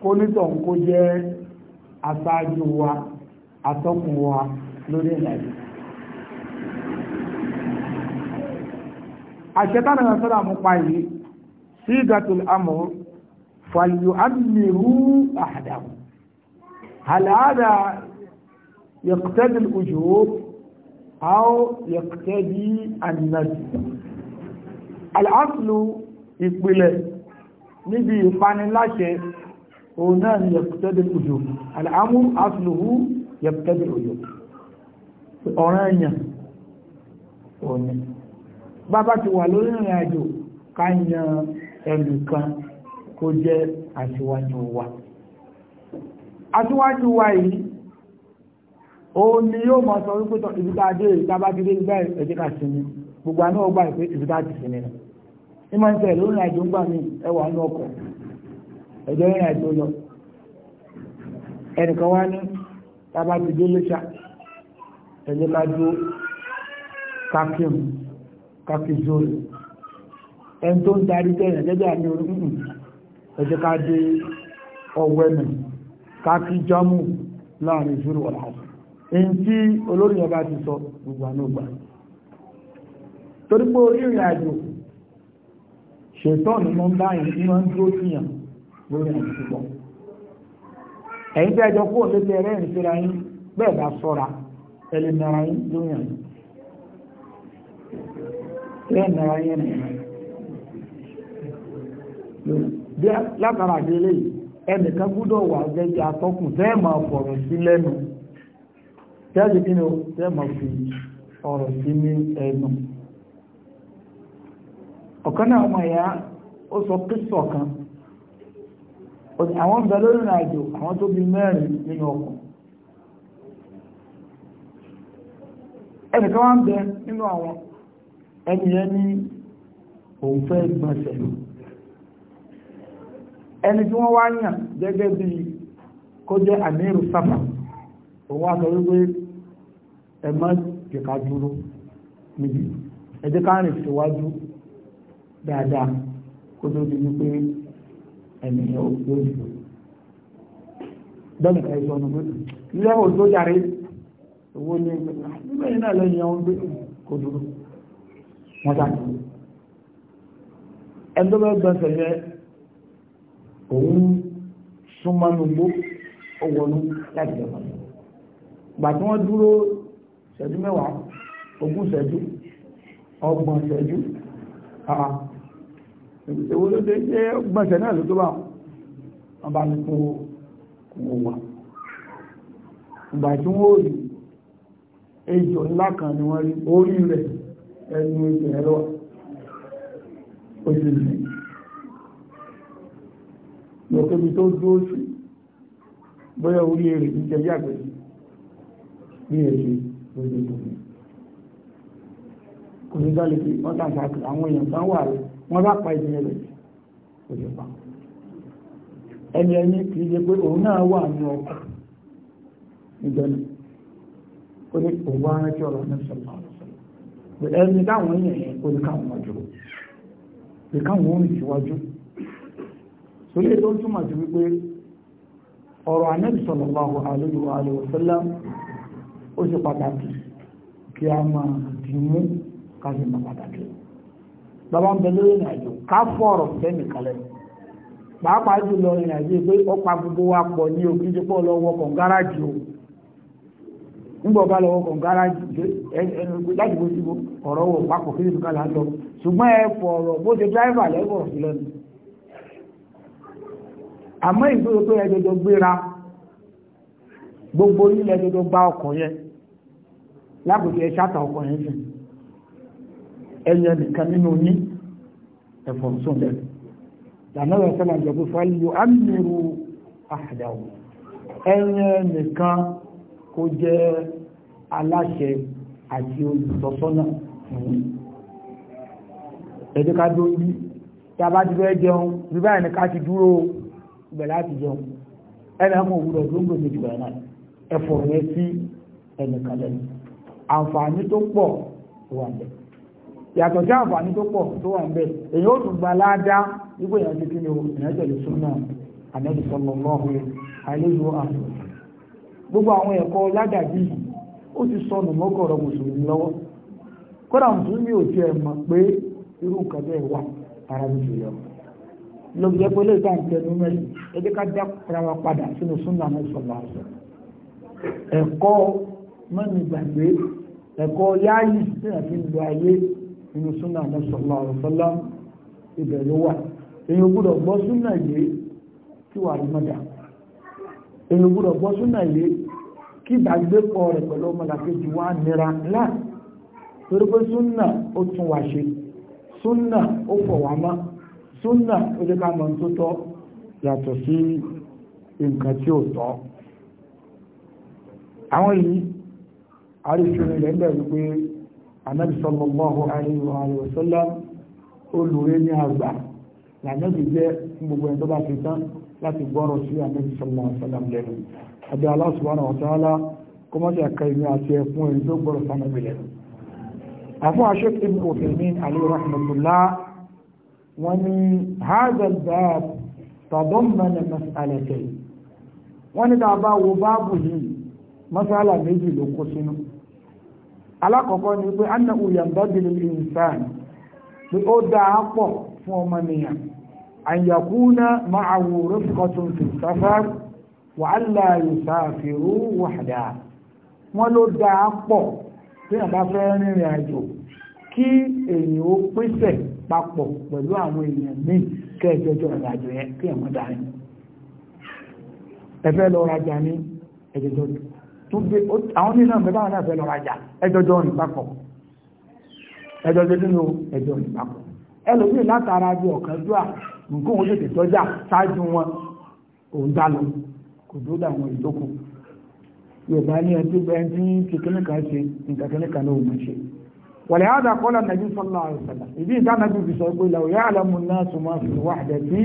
kó nítọ̀ kó jẹ́ aṣáájú wa atọ́kùn wa lórí ìrìn àṣetánà náà sọ́dà mú pa yìí sí ìgàtul amọ̀ fàlù àmìrú àdàmù àlàádà yẹ̀kùtẹ́dì òjò àó yẹ̀kùtẹ́dì ànìyànjú àlàáfìlú ìpìlẹ̀ níbi ìpaniláṣẹ òun náà ni yẹ̀kùtẹ́dì òjò àlàámú àfìlúhú yẹ̀kùtẹ́dì òjò ọ̀rọ̀ ẹ̀yàn òun ni bàbá ti wà lórí ìrìn àjò ká yan ẹnìkan kó jẹ́ aṣíwájú wa aṣíwájú wa yìí òun ni yóò mọ̀ sọ wípé tọ́ ibi tá a dé ìta bá ti dé ìgbà ẹ̀jẹ̀ ká sinmi gbogbo àná ọgbà ìpé ibi tá ti sinmi nà ní máa ń tẹ̀ lórí ìrìn àjò ń gbà mí ẹwà ń lọkọ̀ ẹ̀jẹ̀ ìrìn àjò lọ ẹnìkan wá ní tá ti dé lóṣà ẹ̀jẹ̀ ká dúró ká kírun kápízóòlù ẹn tó ń darí tẹ́yìn gẹ́gẹ́ àmì orúkùn ẹjẹ́ ká dé ọwẹ́nà káàkiri jámù láàrin ìṣúrù ọ̀làṣì èyí tí olórin ọba ti sọ gbogbo ànúgbà torí pé ìrìn àjò ṣètọ́nù mọ́ báyìí tí wọ́n ń dúró lórí ẹ̀yìn tí ẹjọ́ yóò nara yẹn nìyẹn látara àdélé ẹnìkan gbúdọ̀ wà gẹ́gẹ́ atọ́kùn tẹ́ẹ̀ máa sí lẹ́nu tẹ́ẹ̀sì kí ni ó tẹ́ẹ̀ fi ọ̀rọ̀ sí ní ẹnu sọ kíṣọ̀ kan àwọn bẹ lórí ìrìnàjò àwọn tó bí mẹ́rin nínú ọkọ̀ ẹnìkan wá ń ẹni yẹn ní òun fẹ́ gbọ̀nsẹ̀ lò ẹni tí wọ́n wá yàn gẹ́gẹ́ bí kó jẹ́ àmírù sáfà òun wá sọ wípé ẹ má jẹ̀ka dúró níbi ẹ jẹ́ ká rìn síwájú dáadáa kó tó di wípé ẹnìyàn ò gbé òjò bẹ́ẹ̀ ẹ sọ nùgbé ilé ò tó owó ní ẹgbẹ́ náà lẹ́yìn ọ̀hún gbé kó dúró wọ́n sá ẹni tó bá gbẹ̀sẹ̀ yẹ òun súnmọ́nugbó ó wọnú láti jọba gbà tí wọ́n dúró ṣẹ́jú mẹ́wàá ogún ṣẹ́jú ọgbọ̀n ṣẹ́jú ìwò ló dé jẹ́ ọgbọ̀n ṣẹ́ náà ló tó bá wọn bá ní kó wọ́n wà ìgbà tí wọ́n rí ejò ńlá kan ni wọ́n rí orí rẹ̀ ẹnu ìjẹ̀ ẹ̀rọ òṣèlú lọ́kẹ́bí tó dúró sí bóyá orí èrè ìjẹ̀ yàgbẹ̀ ní ẹ̀ṣẹ́ lójoojúmọ́ kò ní dálé pé wọ́n tàn sáàkì àwọn èèyàn tán wà rẹ̀ wọ́n bá pa ìdíyẹ rẹ̀ kò lè pa ẹni ẹni kì í ṣe pé òun náà wà ní ọkọ̀ ìjọ náà ó ní òun wá rántí ọ̀rọ̀ náà sọ̀rọ̀ ẹni dáwọn yẹn yẹn kó ní káwọn wájú pé káwọn ó rìn síwájú torí ètò ń túmọ̀ sí wípé ọ̀rọ̀ anẹ́bí sallallahu alaihi wa alihi wa sallam ó ṣe pàtàkì kí a máa dì mú ká sì máa pàtàkì bàbá ń bẹ lórí ìrìn àjò ká fọ̀rọ̀ fẹ́mi kalẹ̀ pàápàá jùlọ ìrìn àjò pé ọ̀pá gbogbo wa pọ̀ ní òkè jẹ́ pọ̀ lọ́wọ́ nígbà ọba lọ́wọ́ kọ̀ gáràjì láti bó síbó ọ̀rọ̀ wọ̀ papọ̀ kí nìkan là ń lọ ṣùgbọ́n ẹ fọ̀ọ̀rọ̀ bó ṣe dráìvà lẹ́gbọ̀n sí lọ́nà àmọ́ ìgbéró tó yẹ jọjọ gbéra gbogbo ilẹ̀ jọjọ gba ọkọ̀ yẹn lápòtí ẹ ṣáta ọkọ̀ yẹn sìn ẹyẹ nìkan nínú yín ẹ̀fọ̀ sùn lẹ́nu lànà ìwà sọ́nà ìjọba fún ẹ lò á mìíràn kó jẹ́ aláṣẹ àti olùtọ́sọ́nà fún ẹ̀dẹ́ká tó yí tí a bá ti fẹ́ jẹun bí báyìí ní ká ti dúró ibẹ̀ láti jẹun ẹnì àwọn òwúrọ̀ tó ń gbèsè jùlọ náà ẹ̀fọ̀ rẹ̀ sí ẹnìkan lẹ́nu àǹfààní tó pọ̀ tó wà bẹ̀ yàtọ̀ sí àǹfààní tó pọ̀ tó wà bẹ̀ èyí ó tún gba ládá wípé èèyàn kí ni o èèyàn tẹ̀lé súnmọ́ àmẹ́bí sọlọ́ọ̀lọ́ọ̀hún àlejò àtúntò gbogbo àwọn ẹ̀kọ́ ládàbí yìí ó ti sọnù mọ́kọ̀ọ̀rọ̀ mùsùlùmí lọ́wọ́ kódà mùsùlùmí ò tiẹ̀ mọ̀ pé irú nǹkan bẹ́ẹ̀ wà ara mi jùlọ lóbi jẹ́ pé lè ta nǹkan ẹnu mẹ́rin ẹ jẹ́ ká dá ara wa padà sínú súnà mẹ́sàn-án àṣọ ẹ̀kọ́ mẹ́rin gbàgbé ẹ̀kọ́ yáàyè tí a fi ń lo ayé nínú súnà mẹ́sàn-án àṣọlá ibẹ̀ ló wà èyàn gbọ́dọ̀ gbọ́ súnà yìí tí wàá rí mọ́dà èyàn gbọ́dọ̀ gbọ́ súnà yìí kí ìbágbépọ̀ rẹ̀ pẹ̀lú ọmọlàkejì wá nira náà torí pé súnà ó tún wá ṣe súnà ó fọ̀ wá mọ́ súnà ó jẹ́ ká mọ̀ tó tọ́ yàtọ̀ sí nǹkan tí ó tọ́ àwọn yìí àríṣirin rẹ̀ bẹ̀rù pé anábì sallallahu alaihi wa sallam olùrẹ́ ní àgbà lànàbì jẹ́ gbogbo ẹ̀ tó bá fi tán láti gbọ́rọ̀ sí anábì sallallahu alaihi sallam lẹ́nu àbí Allah subhanahu wa ta'ala kó mọ́ sí àka ìlú àti ẹ̀kún ẹ̀rí tó gbọ́rọ̀ sánà ìbílẹ̀ àfún Sheikh Ibn Uthaymeen alayhi rahmatullah wọ́n ní hadha al-bab tadammana mas'alatayn wọ́n ní dáa bá wo báàbù yìí mas'ala méjì ló kó sínú alákọ̀ọ́kọ́ ni pé annahu yanbaghi lil-insan pé ó dáa pọ̀ fún ọmọnìyàn an yakuna ma'ahu rifqatun fi safar wàhálà ìsàfihù wàdà wọ́n ló dáa pọ̀ tí a bá fẹ́ rìnrìn àjò kí èyàn ó pínṣẹ̀ papọ̀ pẹ̀lú àwọn èèyàn ní kẹ́ẹ̀jọjọ ìrìn àjò yẹn kí ẹ̀mọ́ dáa ní ẹ̀fẹ́ lọ rajà ní ẹ̀jọjọ tó gbé àwọn nínú mẹ́ta wọn náà fẹ́ lọ rajà ẹjọjọ rìn papọ̀ ẹjọjọ nínú ẹjọ rìn papọ̀ ẹlòmíì látara bí ọ̀kan jù nǹkan òun tètè tọ́jà ṣáájú wọn òun dá lọ kò tó láwọn ìtókù yorùbá ní ẹtí bẹ́ẹ̀ tí kékeré kan ṣe nǹkan kékeré kan náà máa ṣe wàlẹ̀ àdá kọ́lá nàbí sọ́lá àrùsàlà ìdí ìdánajú fi sọ pé làwọn yàrá mu náà sọ máa fi wàhádà tí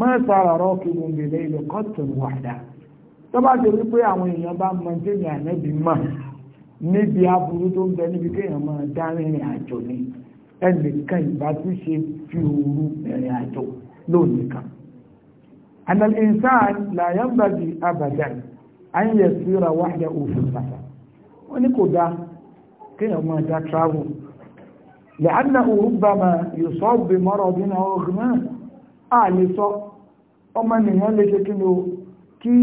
máa sára rọ́ọ̀kì gbòǹgbèlè ilẹ̀ kọ́tùn wàhádà tó bá ti rí pé àwọn èèyàn bá mọ téèyàn ànábì mọ̀ níbi aburú tó ń bẹ níbi kéèyàn máa dá rìnrìn àjò ni ẹnìkan ìbá tún ṣe fi òru rìnrìn àjò lónìí أن الإنسان لا ينبغي أبدا أن يسير وحده في السفر ونكودا كي ما تتراو لأنه ربما يصاب بمرض أو إغماء أعلى أما ọmọ nìyàn lè ṣe kí ni o kí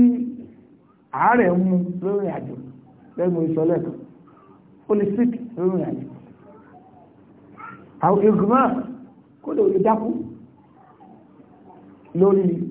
àárẹ̀ mú lórí àjò lẹ́nu ìsọ̀lẹ̀ kan ó lè sick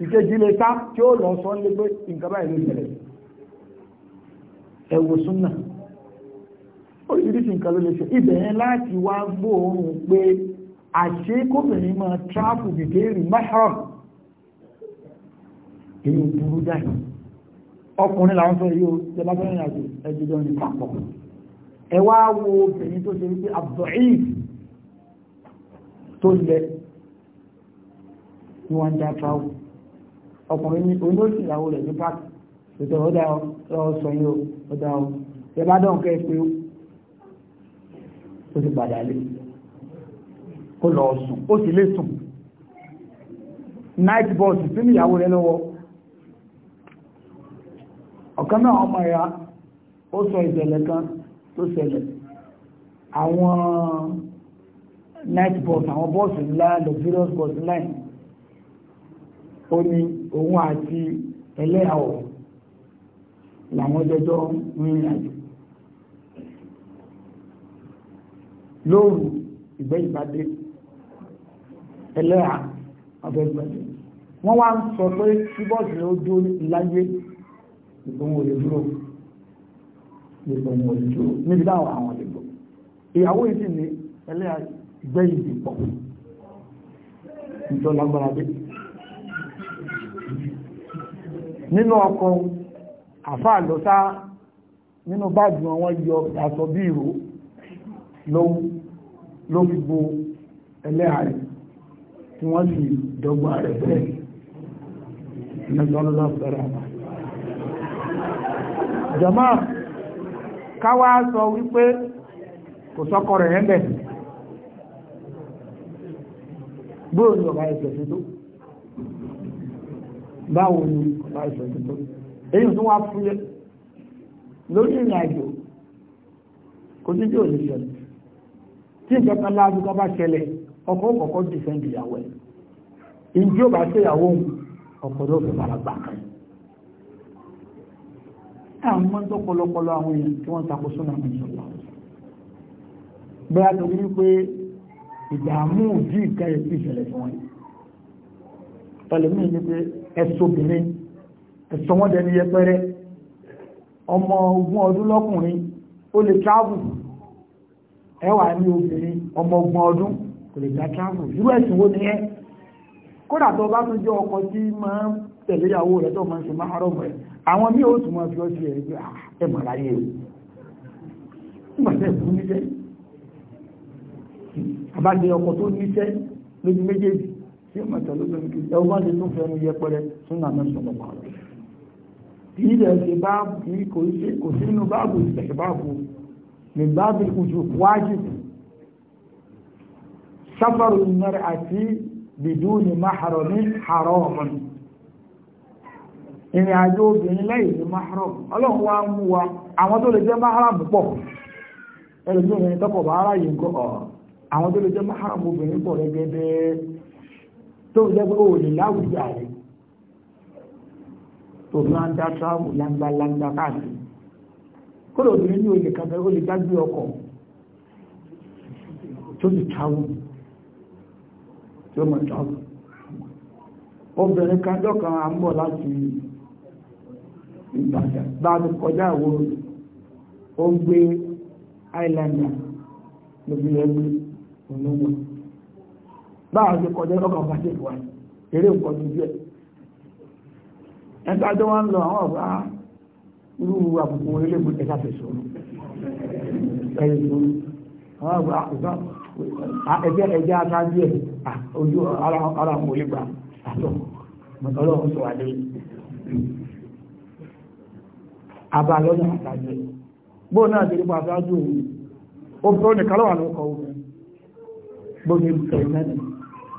ìkejì lè sá tí ó lọ sọ nílé pé nǹkan báyìí ló ṣẹlẹ̀ ẹ̀wò súnà oríṣiríṣi nǹkan ló lè ṣe ibẹ̀ yẹn láti wá gbóòórùn pé àṣé kóbìnrin máa tráfù bìbéèrè mahram èyí burú dáì ọkùnrin làwọn fẹ́ yóò ṣe bá àjò ẹjọ́ ní papọ̀ ẹ wá wo obìnrin tó ṣe wípé abdu'if tó lẹ ní wọ́n ń dá tráfù ọkùnrin ní onídòsí ìyàwó rẹ̀ ní pàtó ètò ọ̀dà ọ̀sọ̀ yìí ọ̀dà ọ̀ ẹ bá dán kẹ́ pé ó ti padà lé kó lọ sùn ó sì lè sùn night bus sínú ìyàwó rẹ̀ lọ́wọ́ ọ̀kan náà ọmọ ẹ̀yà ó sọ ìṣẹ̀lẹ̀ kan tó ṣẹlẹ̀ àwọn night bus àwọn bọ́ọ̀sì ńlá luxurious bus line ó ní òun àti ẹlẹ́yàwó làwọn jọjọ́ rìnrìn àjò lóòrù ìgbẹ́ ẹlẹ́yà ọ̀fẹ́ wọ́n wá ń sọ pé tí bọ́ọ̀sì ó dó láyé ìgbóhùn òlè dúró ìgbóhùn òlè dúró níbi táwọn àwọn òlè ìyàwó yìí sì ní ẹlẹ́yà ìgbẹ́ ìdìpọ̀ ìjọ lágbára dé nínú ọkọ̀ àfáà lọ sá nínú báàgì wọn wọ́n yọ aṣọ bí ìró ló fi bo ẹlẹ́à rẹ̀ tí wọ́n sì dọ́gba rẹ̀ bẹ́ẹ̀ ìnàjọ́lọ́lọ́ jama káwá sọ wípé kò sọ́kọ̀ rẹ̀ ẹ́mẹ̀ gbóòrùn ọ̀gá ẹ̀sẹ̀ tó báwo ni ọ̀la ìṣòtítọ́ èyí tó wá fúyẹ́ lórí ìrìn àjò kò sí tí ò lè ṣẹlẹ̀ tí nǹkan kan láàbù kan bá ṣẹlẹ̀ ọkọ kọ̀ọ̀kọ́ dìfẹ́ǹdì ìyàwó ẹ̀ ìjì ò bá ṣe ìyàwó ọkọ̀ ló fi fara gbà kan àwọn máa ń tọ́ pọlọpọlọ àwọn èèyàn tí wọ́n takò sọ́nà àwọn ìṣọ̀lá bẹ́ẹ̀ tó rí pé ìdààmú òjì ìkẹyẹ sí ìṣẹ̀lẹ̀ fún wọn pẹ̀lúmí ní pé ẹ̀sọ́ obìnrin ẹ̀sọ́ wọ́n dẹni yẹpẹrẹ ọmọ ogún ọdún lọ́kùnrin ó lè travel ẹwà ní obìnrin ọmọ ogún ọdún kò lè gba travel irú ẹ̀sìn wo ni ẹ́ kódà tó bá tún jẹ́ ọkọ tí máa ń tẹ̀lé ìyàwó rẹ̀ tó máa ń ṣe máa rọ̀ mọ́ ẹ̀ àwọn mí ó tún máa fi ọtí ẹ̀ pé ah, ẹ mọ̀ láyé o nígbà tẹ̀ fún níṣẹ́ àbájẹ ọkọ tó níṣẹ́ lójú méjèèjì tí ó mẹ́ta ló lórí kí ẹwọ́ lè tó fẹ́ yẹpẹrẹ súnà mẹ́sàn-án lọ́wọ́ rẹ̀ kì ṣe báàbù kì kò ṣe kò sí inú báàbù ìṣẹ̀ṣẹ̀ báàbù báàbù àti bìdú ni ní ọ̀mọ̀ ni tó ń lẹ́gbẹ́ òòlì láwùjá rẹ̀ tó máa ń dá tíráàmù láńgbáláńgbá káàkiri kódà obìnrin ní olè kan ó lè dágbé ọkọ̀ tó lè táwọn tí ó mọ̀ táwọn obìnrin kan dọ́kan à ń bọ̀ láti Ìbàdàn bá mi kọjá àwọn ó gbé islander lóbi ẹgbẹ́ olówó báwọn ṣe kọjá ọkọ̀ bá ṣe wà eré nǹkan ju jẹ́ ẹ̀ta tó wọ́n ń lọ àwọn ọ̀gá irú àbùkù orílẹ̀-èdè ẹ̀ta fẹ̀ sọ̀rọ̀ ẹ̀yẹ sọ̀rọ̀ àwọn ọ̀gá ọ̀gá ẹ̀jẹ̀ ẹ̀jẹ̀ aṣáájú ẹ̀ ojú ara àwọn olè gbà àtọ̀ ọlọ́run sọ àdé abalọ́nà àtàjú ẹ̀ bóun náà ti rí pa aṣáájú òun ó bọ́ nìkan lọ́wọ́ àwọn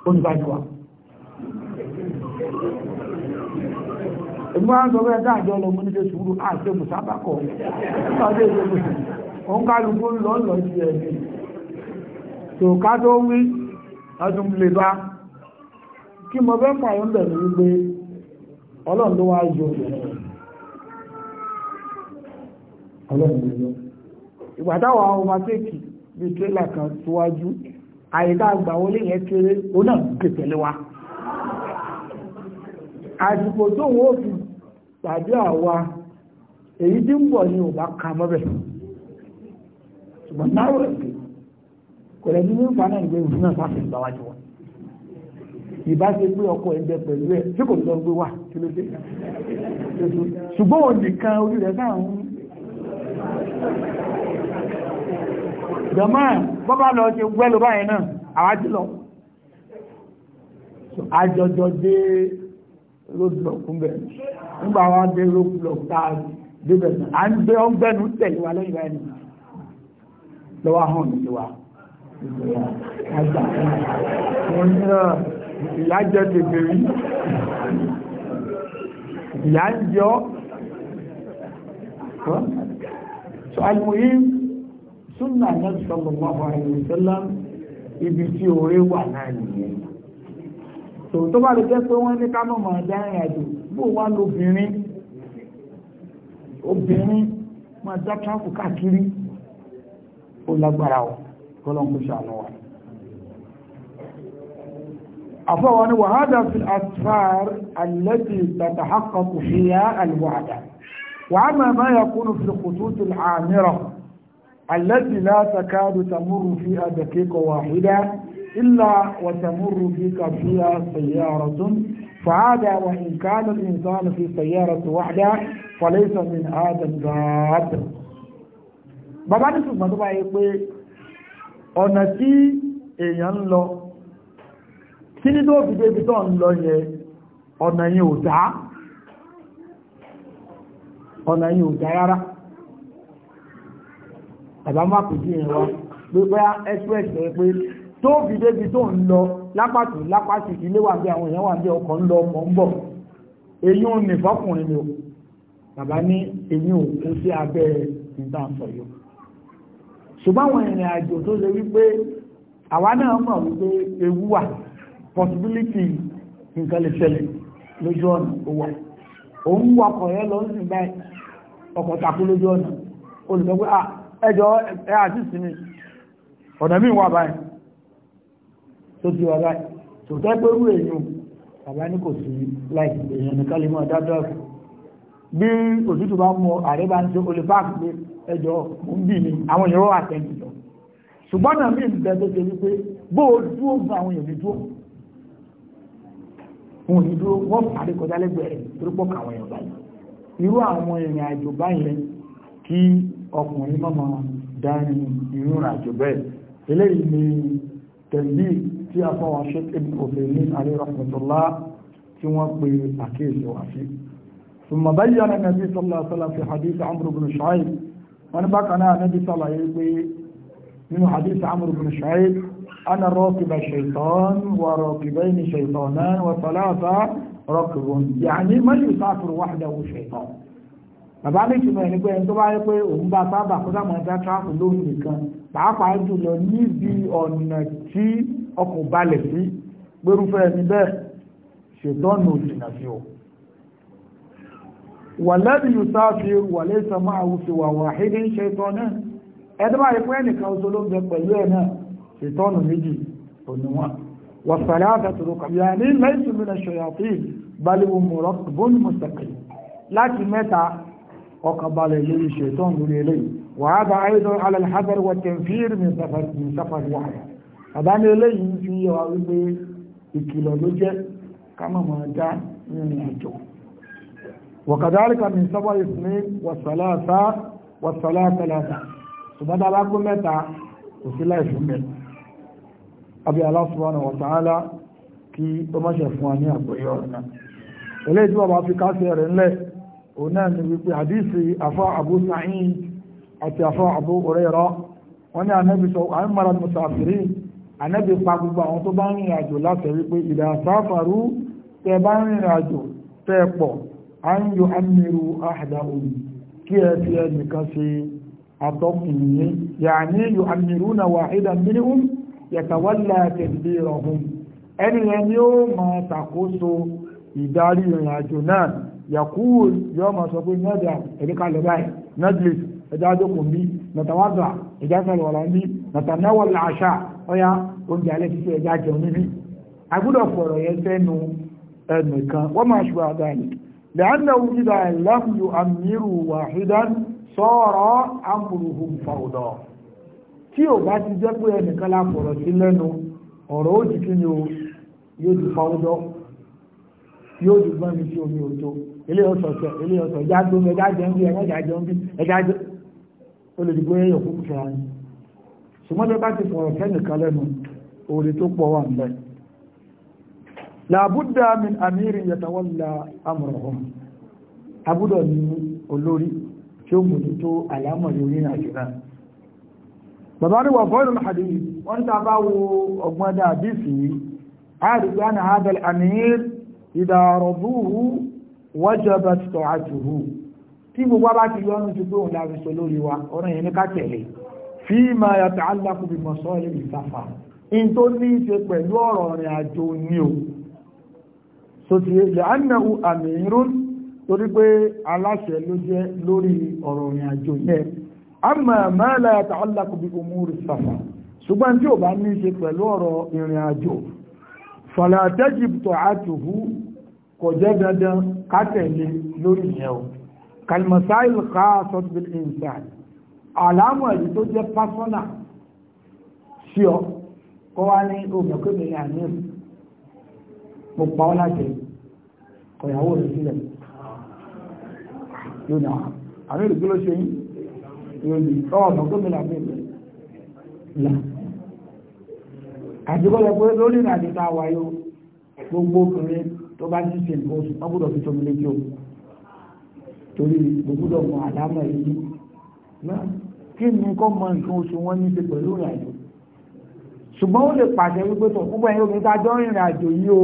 oníbàjúwà ìmú àwọn ọ̀rọ̀ ẹ̀dá àjọ lọ mú nílé sùúrù àti mùsábàkọ̀ ọdún èdè mùsùn òun kálukú lọ lọ sí ẹ̀mí tó ká tó wí ọdún lè bá kí mo fẹ́ pààyàn bẹ̀rẹ̀ wípé ọlọ́run ló wá yọ ọlọ́run ló yọ ìgbà táwọn ọmọ tẹ́kì bíi tírélà kan síwájú àìdá àgbà wọlé yẹn kéré òun náà gbèsèlé wa àsìkò tó wọ́n fi pàdé àwa èyí tí ń bọ̀ ni ò bá ka mọ́bẹ̀ ṣùgbọ́n náà rẹ̀ pé kò lẹ́ ní nípa náà ìgbé ìlú náà sáfẹ́ ìgbà wájú wọn ìbá ṣe pé ọkọ̀ ẹgbẹ́ pẹ̀lú ẹ̀ tí kò lọ gbé wà kí ló dé ṣùgbọ́n òun nìkan orí rẹ̀ náà ń jọmọ́ bọ́bá lọ ṣe gbẹ́lú báyìí náà àwájú lọ àjọjọ dé roadblock ń bẹ̀ nígbà wá dé roadblock tá a débẹ̀ à ń gbé ọ́ngbẹ́nu tẹ̀lé wa lẹ́yìn báyìí lọ́wọ́ hàn ní wa ìyá jẹ́ tètè rí ìyá súnà Ànábì sallallahu alaihi wasallam ibi tí oore wà náà nìyẹn tò tó bá lè jẹ́ pé wọ́n ní ká mọ̀ mọ̀ dá ìrìn àjò bó wá lóbìnrin obìnrin máa dá tráfù káàkiri ó lágbára ọ̀ kọ́lọ́n kó ṣàánú wa àfọwọ́ ni wàhádà fi asfar alẹ́tì tàtàhákọ̀kù fìyà alwàdà wàhámà máa yà kúrò fi kùtùtù àmìràn التي لا تكاد تمر فيها دقيقة واحدة إلا وتمر فيك فيها سيارة فهذا وإن كان الإنسان في سيارة واحدة فليس من هذا الباب bàbá ní ṣùgbọ́n tó bá yẹ pé ọ̀nà tí èèyàn ń lọ tí ní tó fi débi tó ń lọ yẹ ọ̀nà yìí ò dá ọ̀nà yìí ò dá rárá bàbá má kò dín ẹ̀wà pé express rẹ̀ pé tó fi débi tó ń lọ lápàtì lápàtì ilé wà bí àwọn èèyàn wà bí ọkọ̀ ń lọ ọmọ ń bọ̀ èyí ò ní fọkùnrin ni o bàbá ní èyí ò kú sí abẹ́ ìdáǹsọ̀ yìí ṣùgbọ́n àwọn ìrìn àjò tó ṣe wípé àwa náà mọ̀ wípé ewu wà possibility nǹkan lè ṣẹlẹ̀ lójú ọ̀nà ó wà òun wakọ̀ yẹn lọ sí báyìí ọkọ̀ takú lójú ọ̀nà olùdókòwò ẹjọ́ ẹ àti sinmi ọ̀nà míì wà báyìí tó ti wà báyìí tó tẹ́ pé rú èèyàn bàbá ní kò sí láì èèyàn nìkan lè mọ́ dáadáa bí òtútù bá mú ààrẹ bá ń tó olè páàkì pé ẹjọ́ mo ń bì ní àwọn èèyàn wà tẹ́yìn lọ ṣùgbọ́n náà mí bẹ tó ṣe wípé bó o dúró gba àwọn èèyàn ní dúró wọn ní dúró wọn parí kọjá lẹ́gbẹ̀ẹ́ rẹ̀ torí pọ̀ káwọn èèyàn báyìí irú àwọn ìrìn àjò báyìí kí ọkùnrin mọ́mọ́ dání irú àjò bẹ́ẹ̀ eléyìí ni tẹ̀lé tí a fọ́ wọn ṣe ibn Uthaymeen alayhi rahmatullah tí wọ́n pe àkíyèsí wá sí ثم بين النبي صلى الله عليه وسلم في حديث عمرو بن شعيب وانا بقى انا النبي صلى الله عليه وسلم من حديث عمرو بن شعيب أنا راكب شيطان وراكبين شيطانان وثلاثة ركب يعني من يسافر وحده شيطان bàbá mi jùlọ ẹni pé ẹni tó bá yẹ pé òun bá sábà kó sáà mọ̀ ẹja tíráàpù lóhùn nìkan pàápàá jùlọ níbi ọ̀nà tí ọkọ̀ balẹ̀ sí gbérúfẹ́ ẹni bẹ́ẹ̀ ṣètọ́nù òjìnà sí o wàlẹ́bí yusáfi wàlẹ́ ìsọmọ́ àwùsọ wà wà hídí ń ṣe tọ́ náà ẹni bá yẹ pé ẹnìkan oṣù ló ń bẹ pẹ̀lú ẹ̀ náà ṣètọ́nù méjì òníwọ̀n wàsàlẹ́ àtàtúrò kàbíyà ní lẹ́yìn tó mìíràn ṣọ̀yàfíì ọkàn balẹ̀ lórí ṣètọ́n lórí eléyìí wàá bá àìdán alàlhàbàr wà tẹ̀fíìr mi sáfàrí wàhálà bàbá ní eléyìí fi yẹ wa wípé ìkìlọ̀ ló jẹ́ ká má máa dá rìnrìn àjò wàkàdárìkà mi sábà ìsinmi wàsálàsá wàsálàsálàsá ṣùgbọ́n tá a bá pín mẹ́ta kò sí láì fún Allah subhanahu wa ta'ala kí ó ṣe fún wa ní àgbọ́yé ọ̀rọ̀ náà eléyìí tí bàbá fi kásẹ̀ rẹ̀ ńlẹ̀ òun náà ni wípé hadisi afọ́ abu sa'id àti afọ́ abu hurairah wọ́n ní anabi sọ àmàrà musafirin anabi pa gbogbo àwọn tó bá ń rìnrìn àjò láti wípé ìdá sáfàrú tẹ bá ń rìnrìn àjò tẹ pọ̀ à ń yọ amíru àhàdà òní kí ẹ fi ẹnìkan ṣe atọ́kùnrin yàní yọ amíru na wàhídà mínú yàtàwálà tẹ̀lé rọ̀hún ẹni ẹni ó máa ṣàkóso ìdarí ìrìn àjò náà yakul yóò máa sọ pé nọ́dà ẹ̀díkà lọ báyìí nọ́dìlì ẹ̀dá àjọkùn bí nàtàwádà ẹ̀dá sàlọ̀ ọ̀la bí nàtànáwọ̀ làṣà ọ̀yà oúnjẹ alẹ́ títí ẹ̀dá jẹun níbí. agbọ́dọ̀ fọ̀rọ̀ yẹn sẹ́nu ẹnìkan wọ́n máa ṣùgbọ́n àdáyé lẹ́yìnlá wùdídà ẹ̀lẹ́kùnjù àmìrù wàhídán sọ̀rọ̀ àmúrùhùn fàwùdọ̀ tí ò bá ti jẹ́ pé ẹnìkan la fọ̀rọ̀ sí lẹ́nu ọ̀rọ̀ ó kí ni o yóò ti fàwùdọ̀ yóò dùn gbọ́n mi sí omi òjò ilé ọ̀sọ̀ọ̀sẹ̀ ilé ọ̀sọ̀ ẹja gbómi ẹja jẹun bí ẹja jẹun bí ẹja jẹun olùdìbò yẹn yòókù fẹ́ra ni ṣùgbọ́n bí bá ti sọ̀rọ̀ fẹ́nìkan lẹ́nu òòrè tó pọ̀ wà nílẹ̀ làbúdà min amiri yatawalla amrahum abúdọ̀ ni olórí tí ó mọ̀tò tó àlámọ̀ lórí nàìjíríà bàbá rí wà fọ́ọ̀lù hadith wọ́n ta bá wo ọgbọ́n dàbí sí i a rí gbá na hadal amir ida ọrụ bụ ụhụ àtùhù tí gbogbo bá ti yọ́nu ti pé òun sọ lórí wa ọ̀rọ̀ yẹn ní ká fi ma yàtọ̀ alákùnbí mọ̀sọ́ ilé ìsáfà in tó ní ṣe pẹ̀lú ọ̀rọ̀ àjò ní o so ti torí pé aláṣẹ ló jẹ́ lórí ọ̀rọ̀ àjò fọ̀làtẹ́jìbùtọ̀ àtùhù kò jẹ́ dandan kátẹ̀lé lórí ìyẹn o kalmasail khasat bil insan àlámọ̀ èyí tó jẹ́ pásọ́nà sí ọ kọ́ wá ní òmìnkébè àní mo pa ọ́ láti kọ̀yàwó rẹ̀ sílẹ̀ yóò ní àwọn ìrìgbó àdúgbò yẹ pé lórí ìrìnàjò tá a wà yóò gbogbo obìnrin tó bá ti ṣe nǹkan oṣù ọgbọ́dọ̀ fi tómi létí o torí gbogbo mọ àdámọ̀ èyí náà kí ni kọ́ mọ nǹkan oṣù wọn ní ṣe pẹ̀lú ìrìnàjò ṣùgbọ́n ó lè pàṣẹ wípé tó púpọ̀ ẹ̀yìn omi tá a jọ ìrìnàjò yìí o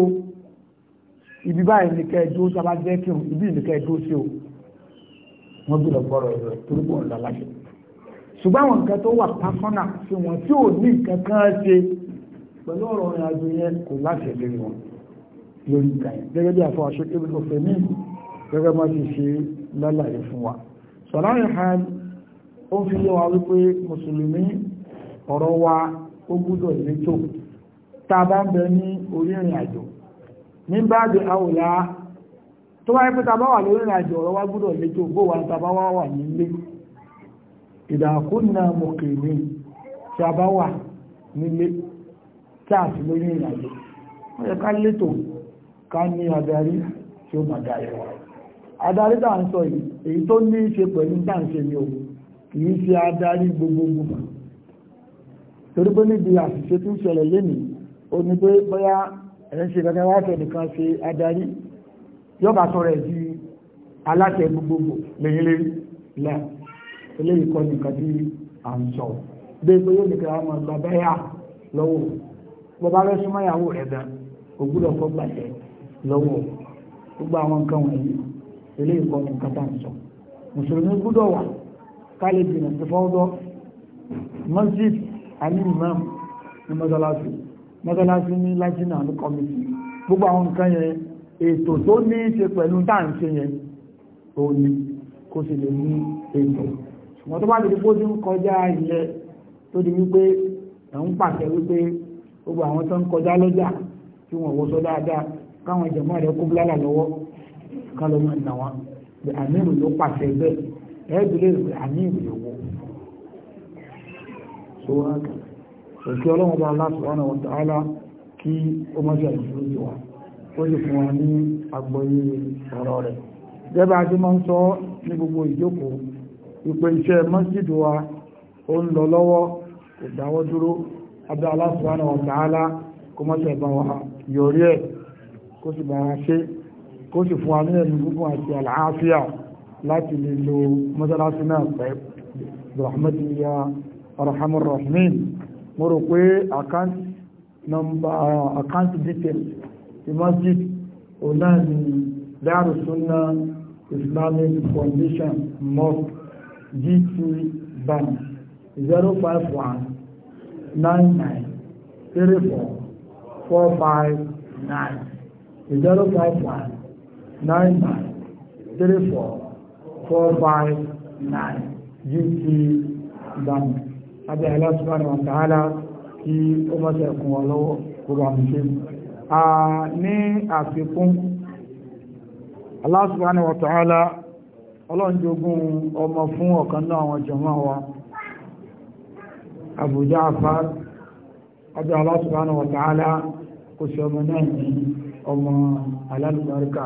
ibi báyìí ní kẹ́ ẹ dúró sábà jẹ́ kí o ibi ní kẹ́ ẹ dúró sí o wọ́n gbọ́dọ̀ gbọ́rọ̀ rẹ̀ torí pọ̀ ńlá láṣẹ ṣùgbọ́n àwọn nǹkan tó wà pásọ́nà sí wọn tí ò ní nǹkan kan ṣe pẹ̀lú ọ̀rọ̀ ìrìn àjò yẹn kò láti lè wọn lórí ìgbà yẹn gẹ́gẹ́ bí àfọ àṣọ kébí kò fẹ́ míì gẹ́gẹ́ bá ti ṣe lálàyé fún wa sọ̀láyé han ó ń fi yé wa wípé mùsùlùmí ọ̀rọ̀ wa ó gbúdọ̀ létò tá a bá ń bẹ ní orí ìrìn àjò ní báàdì àwòyá tó wáyé pé tàbá wà lórí ìrìnàjò ọ̀rọ̀ wá gbúdọ̀ létò bó wà tàbá wá wà nílé ìdàkúnnà mọ̀kèmí tí a bá wà nílé táàsì lórí ìrìnàjò wọ́n yẹ ká ká ní adarí tí ó máa darí wa adarí tàà ń sọ yìí èyí tó ní ṣe pẹ̀lú tá ni o kì ṣe adarí gbogbogbò torí pé níbi àṣìṣe tún ṣẹlẹ̀ lénìí ní pé bóyá kankan wá nìkan ṣe adarí ẹ̀ di aláṣẹ gbogbogbò lẹ́yìn lẹ́ eléyìí kọ́ nìkan tí à ń sọ gbé pé yóò nìkan máa gbà lọ́wọ́ bó bá fẹ́ súnmọ́ ìyàwó rẹ̀ gan o gbúdọ̀ kọ́ gbàṣẹ lọ́wọ́ gbogbo àwọn nǹkan wọ̀nyí eléyìí kọ́ ní nǹkan tá à ń sọ mùsùlùmí gbúdọ̀ wà ká lè dènà sí fọ́dọ́ masjid àní imam ní mọ́sálásí mọ́sálásí ní lajina ní kọ́mítì gbogbo àwọn nǹkan yẹn ètò tó ní í ṣe pẹ̀lú tá à ń ṣe yẹn ó ní kó sì lè ní ètò ṣùgbọ́n tó bá lè dúpọ́ sí ń kọjá ilẹ̀ tó di wípé ẹ̀ ń pàṣẹ wípé gbogbo àwọn tó ń kọjá lọ́jà tí wọ́n wo sọ dáadáa káwọn ìjọba rẹ̀ kó bílálà lọ́wọ́ ká ló máa nà wọn pé àmírù ló pàṣẹ bẹ́ẹ̀ ẹ̀ẹ́dùlé rẹ̀ àmírù ló wọ́ so òkè ọlọ́run bá Allah subhanahu wa ta'ala kí ó mọ́sí àìsíwò sí wa ó sì fún wa ní agbóyé ọ̀rọ̀ rẹ̀ gẹ́gẹ́ bá ti máa ń sọ ní gbogbo ìjókòó ìpè iṣẹ́ mọ́sídù abdul allah subhanahu wa ta'ala kó mọ́ sí ẹ̀bọ̀n wa yọrí ẹ̀ kó sì bá wa ṣe kó sì fún wa ní ẹ̀mí gúngún àti àlàáfíà láti lè lo mọ́sálásí náà pẹ́ rahmatuliya arhamar rahimin mo rò pé account number detail ti masjid ọ̀nà ni Darussunna Islamic Foundation Mosque GT Bank 051 nine nine three four four five nine zero five nine nine three four four five nine kí ní àfikún ọlọ́njogún ọmọ fún ọ̀kan náà àwọn jọmọ́ wa Abu Ja'far ọjọ́ Allah subhanahu wa ta'ala kò sí ọmọ náà ní ọmọ alálùbáríkà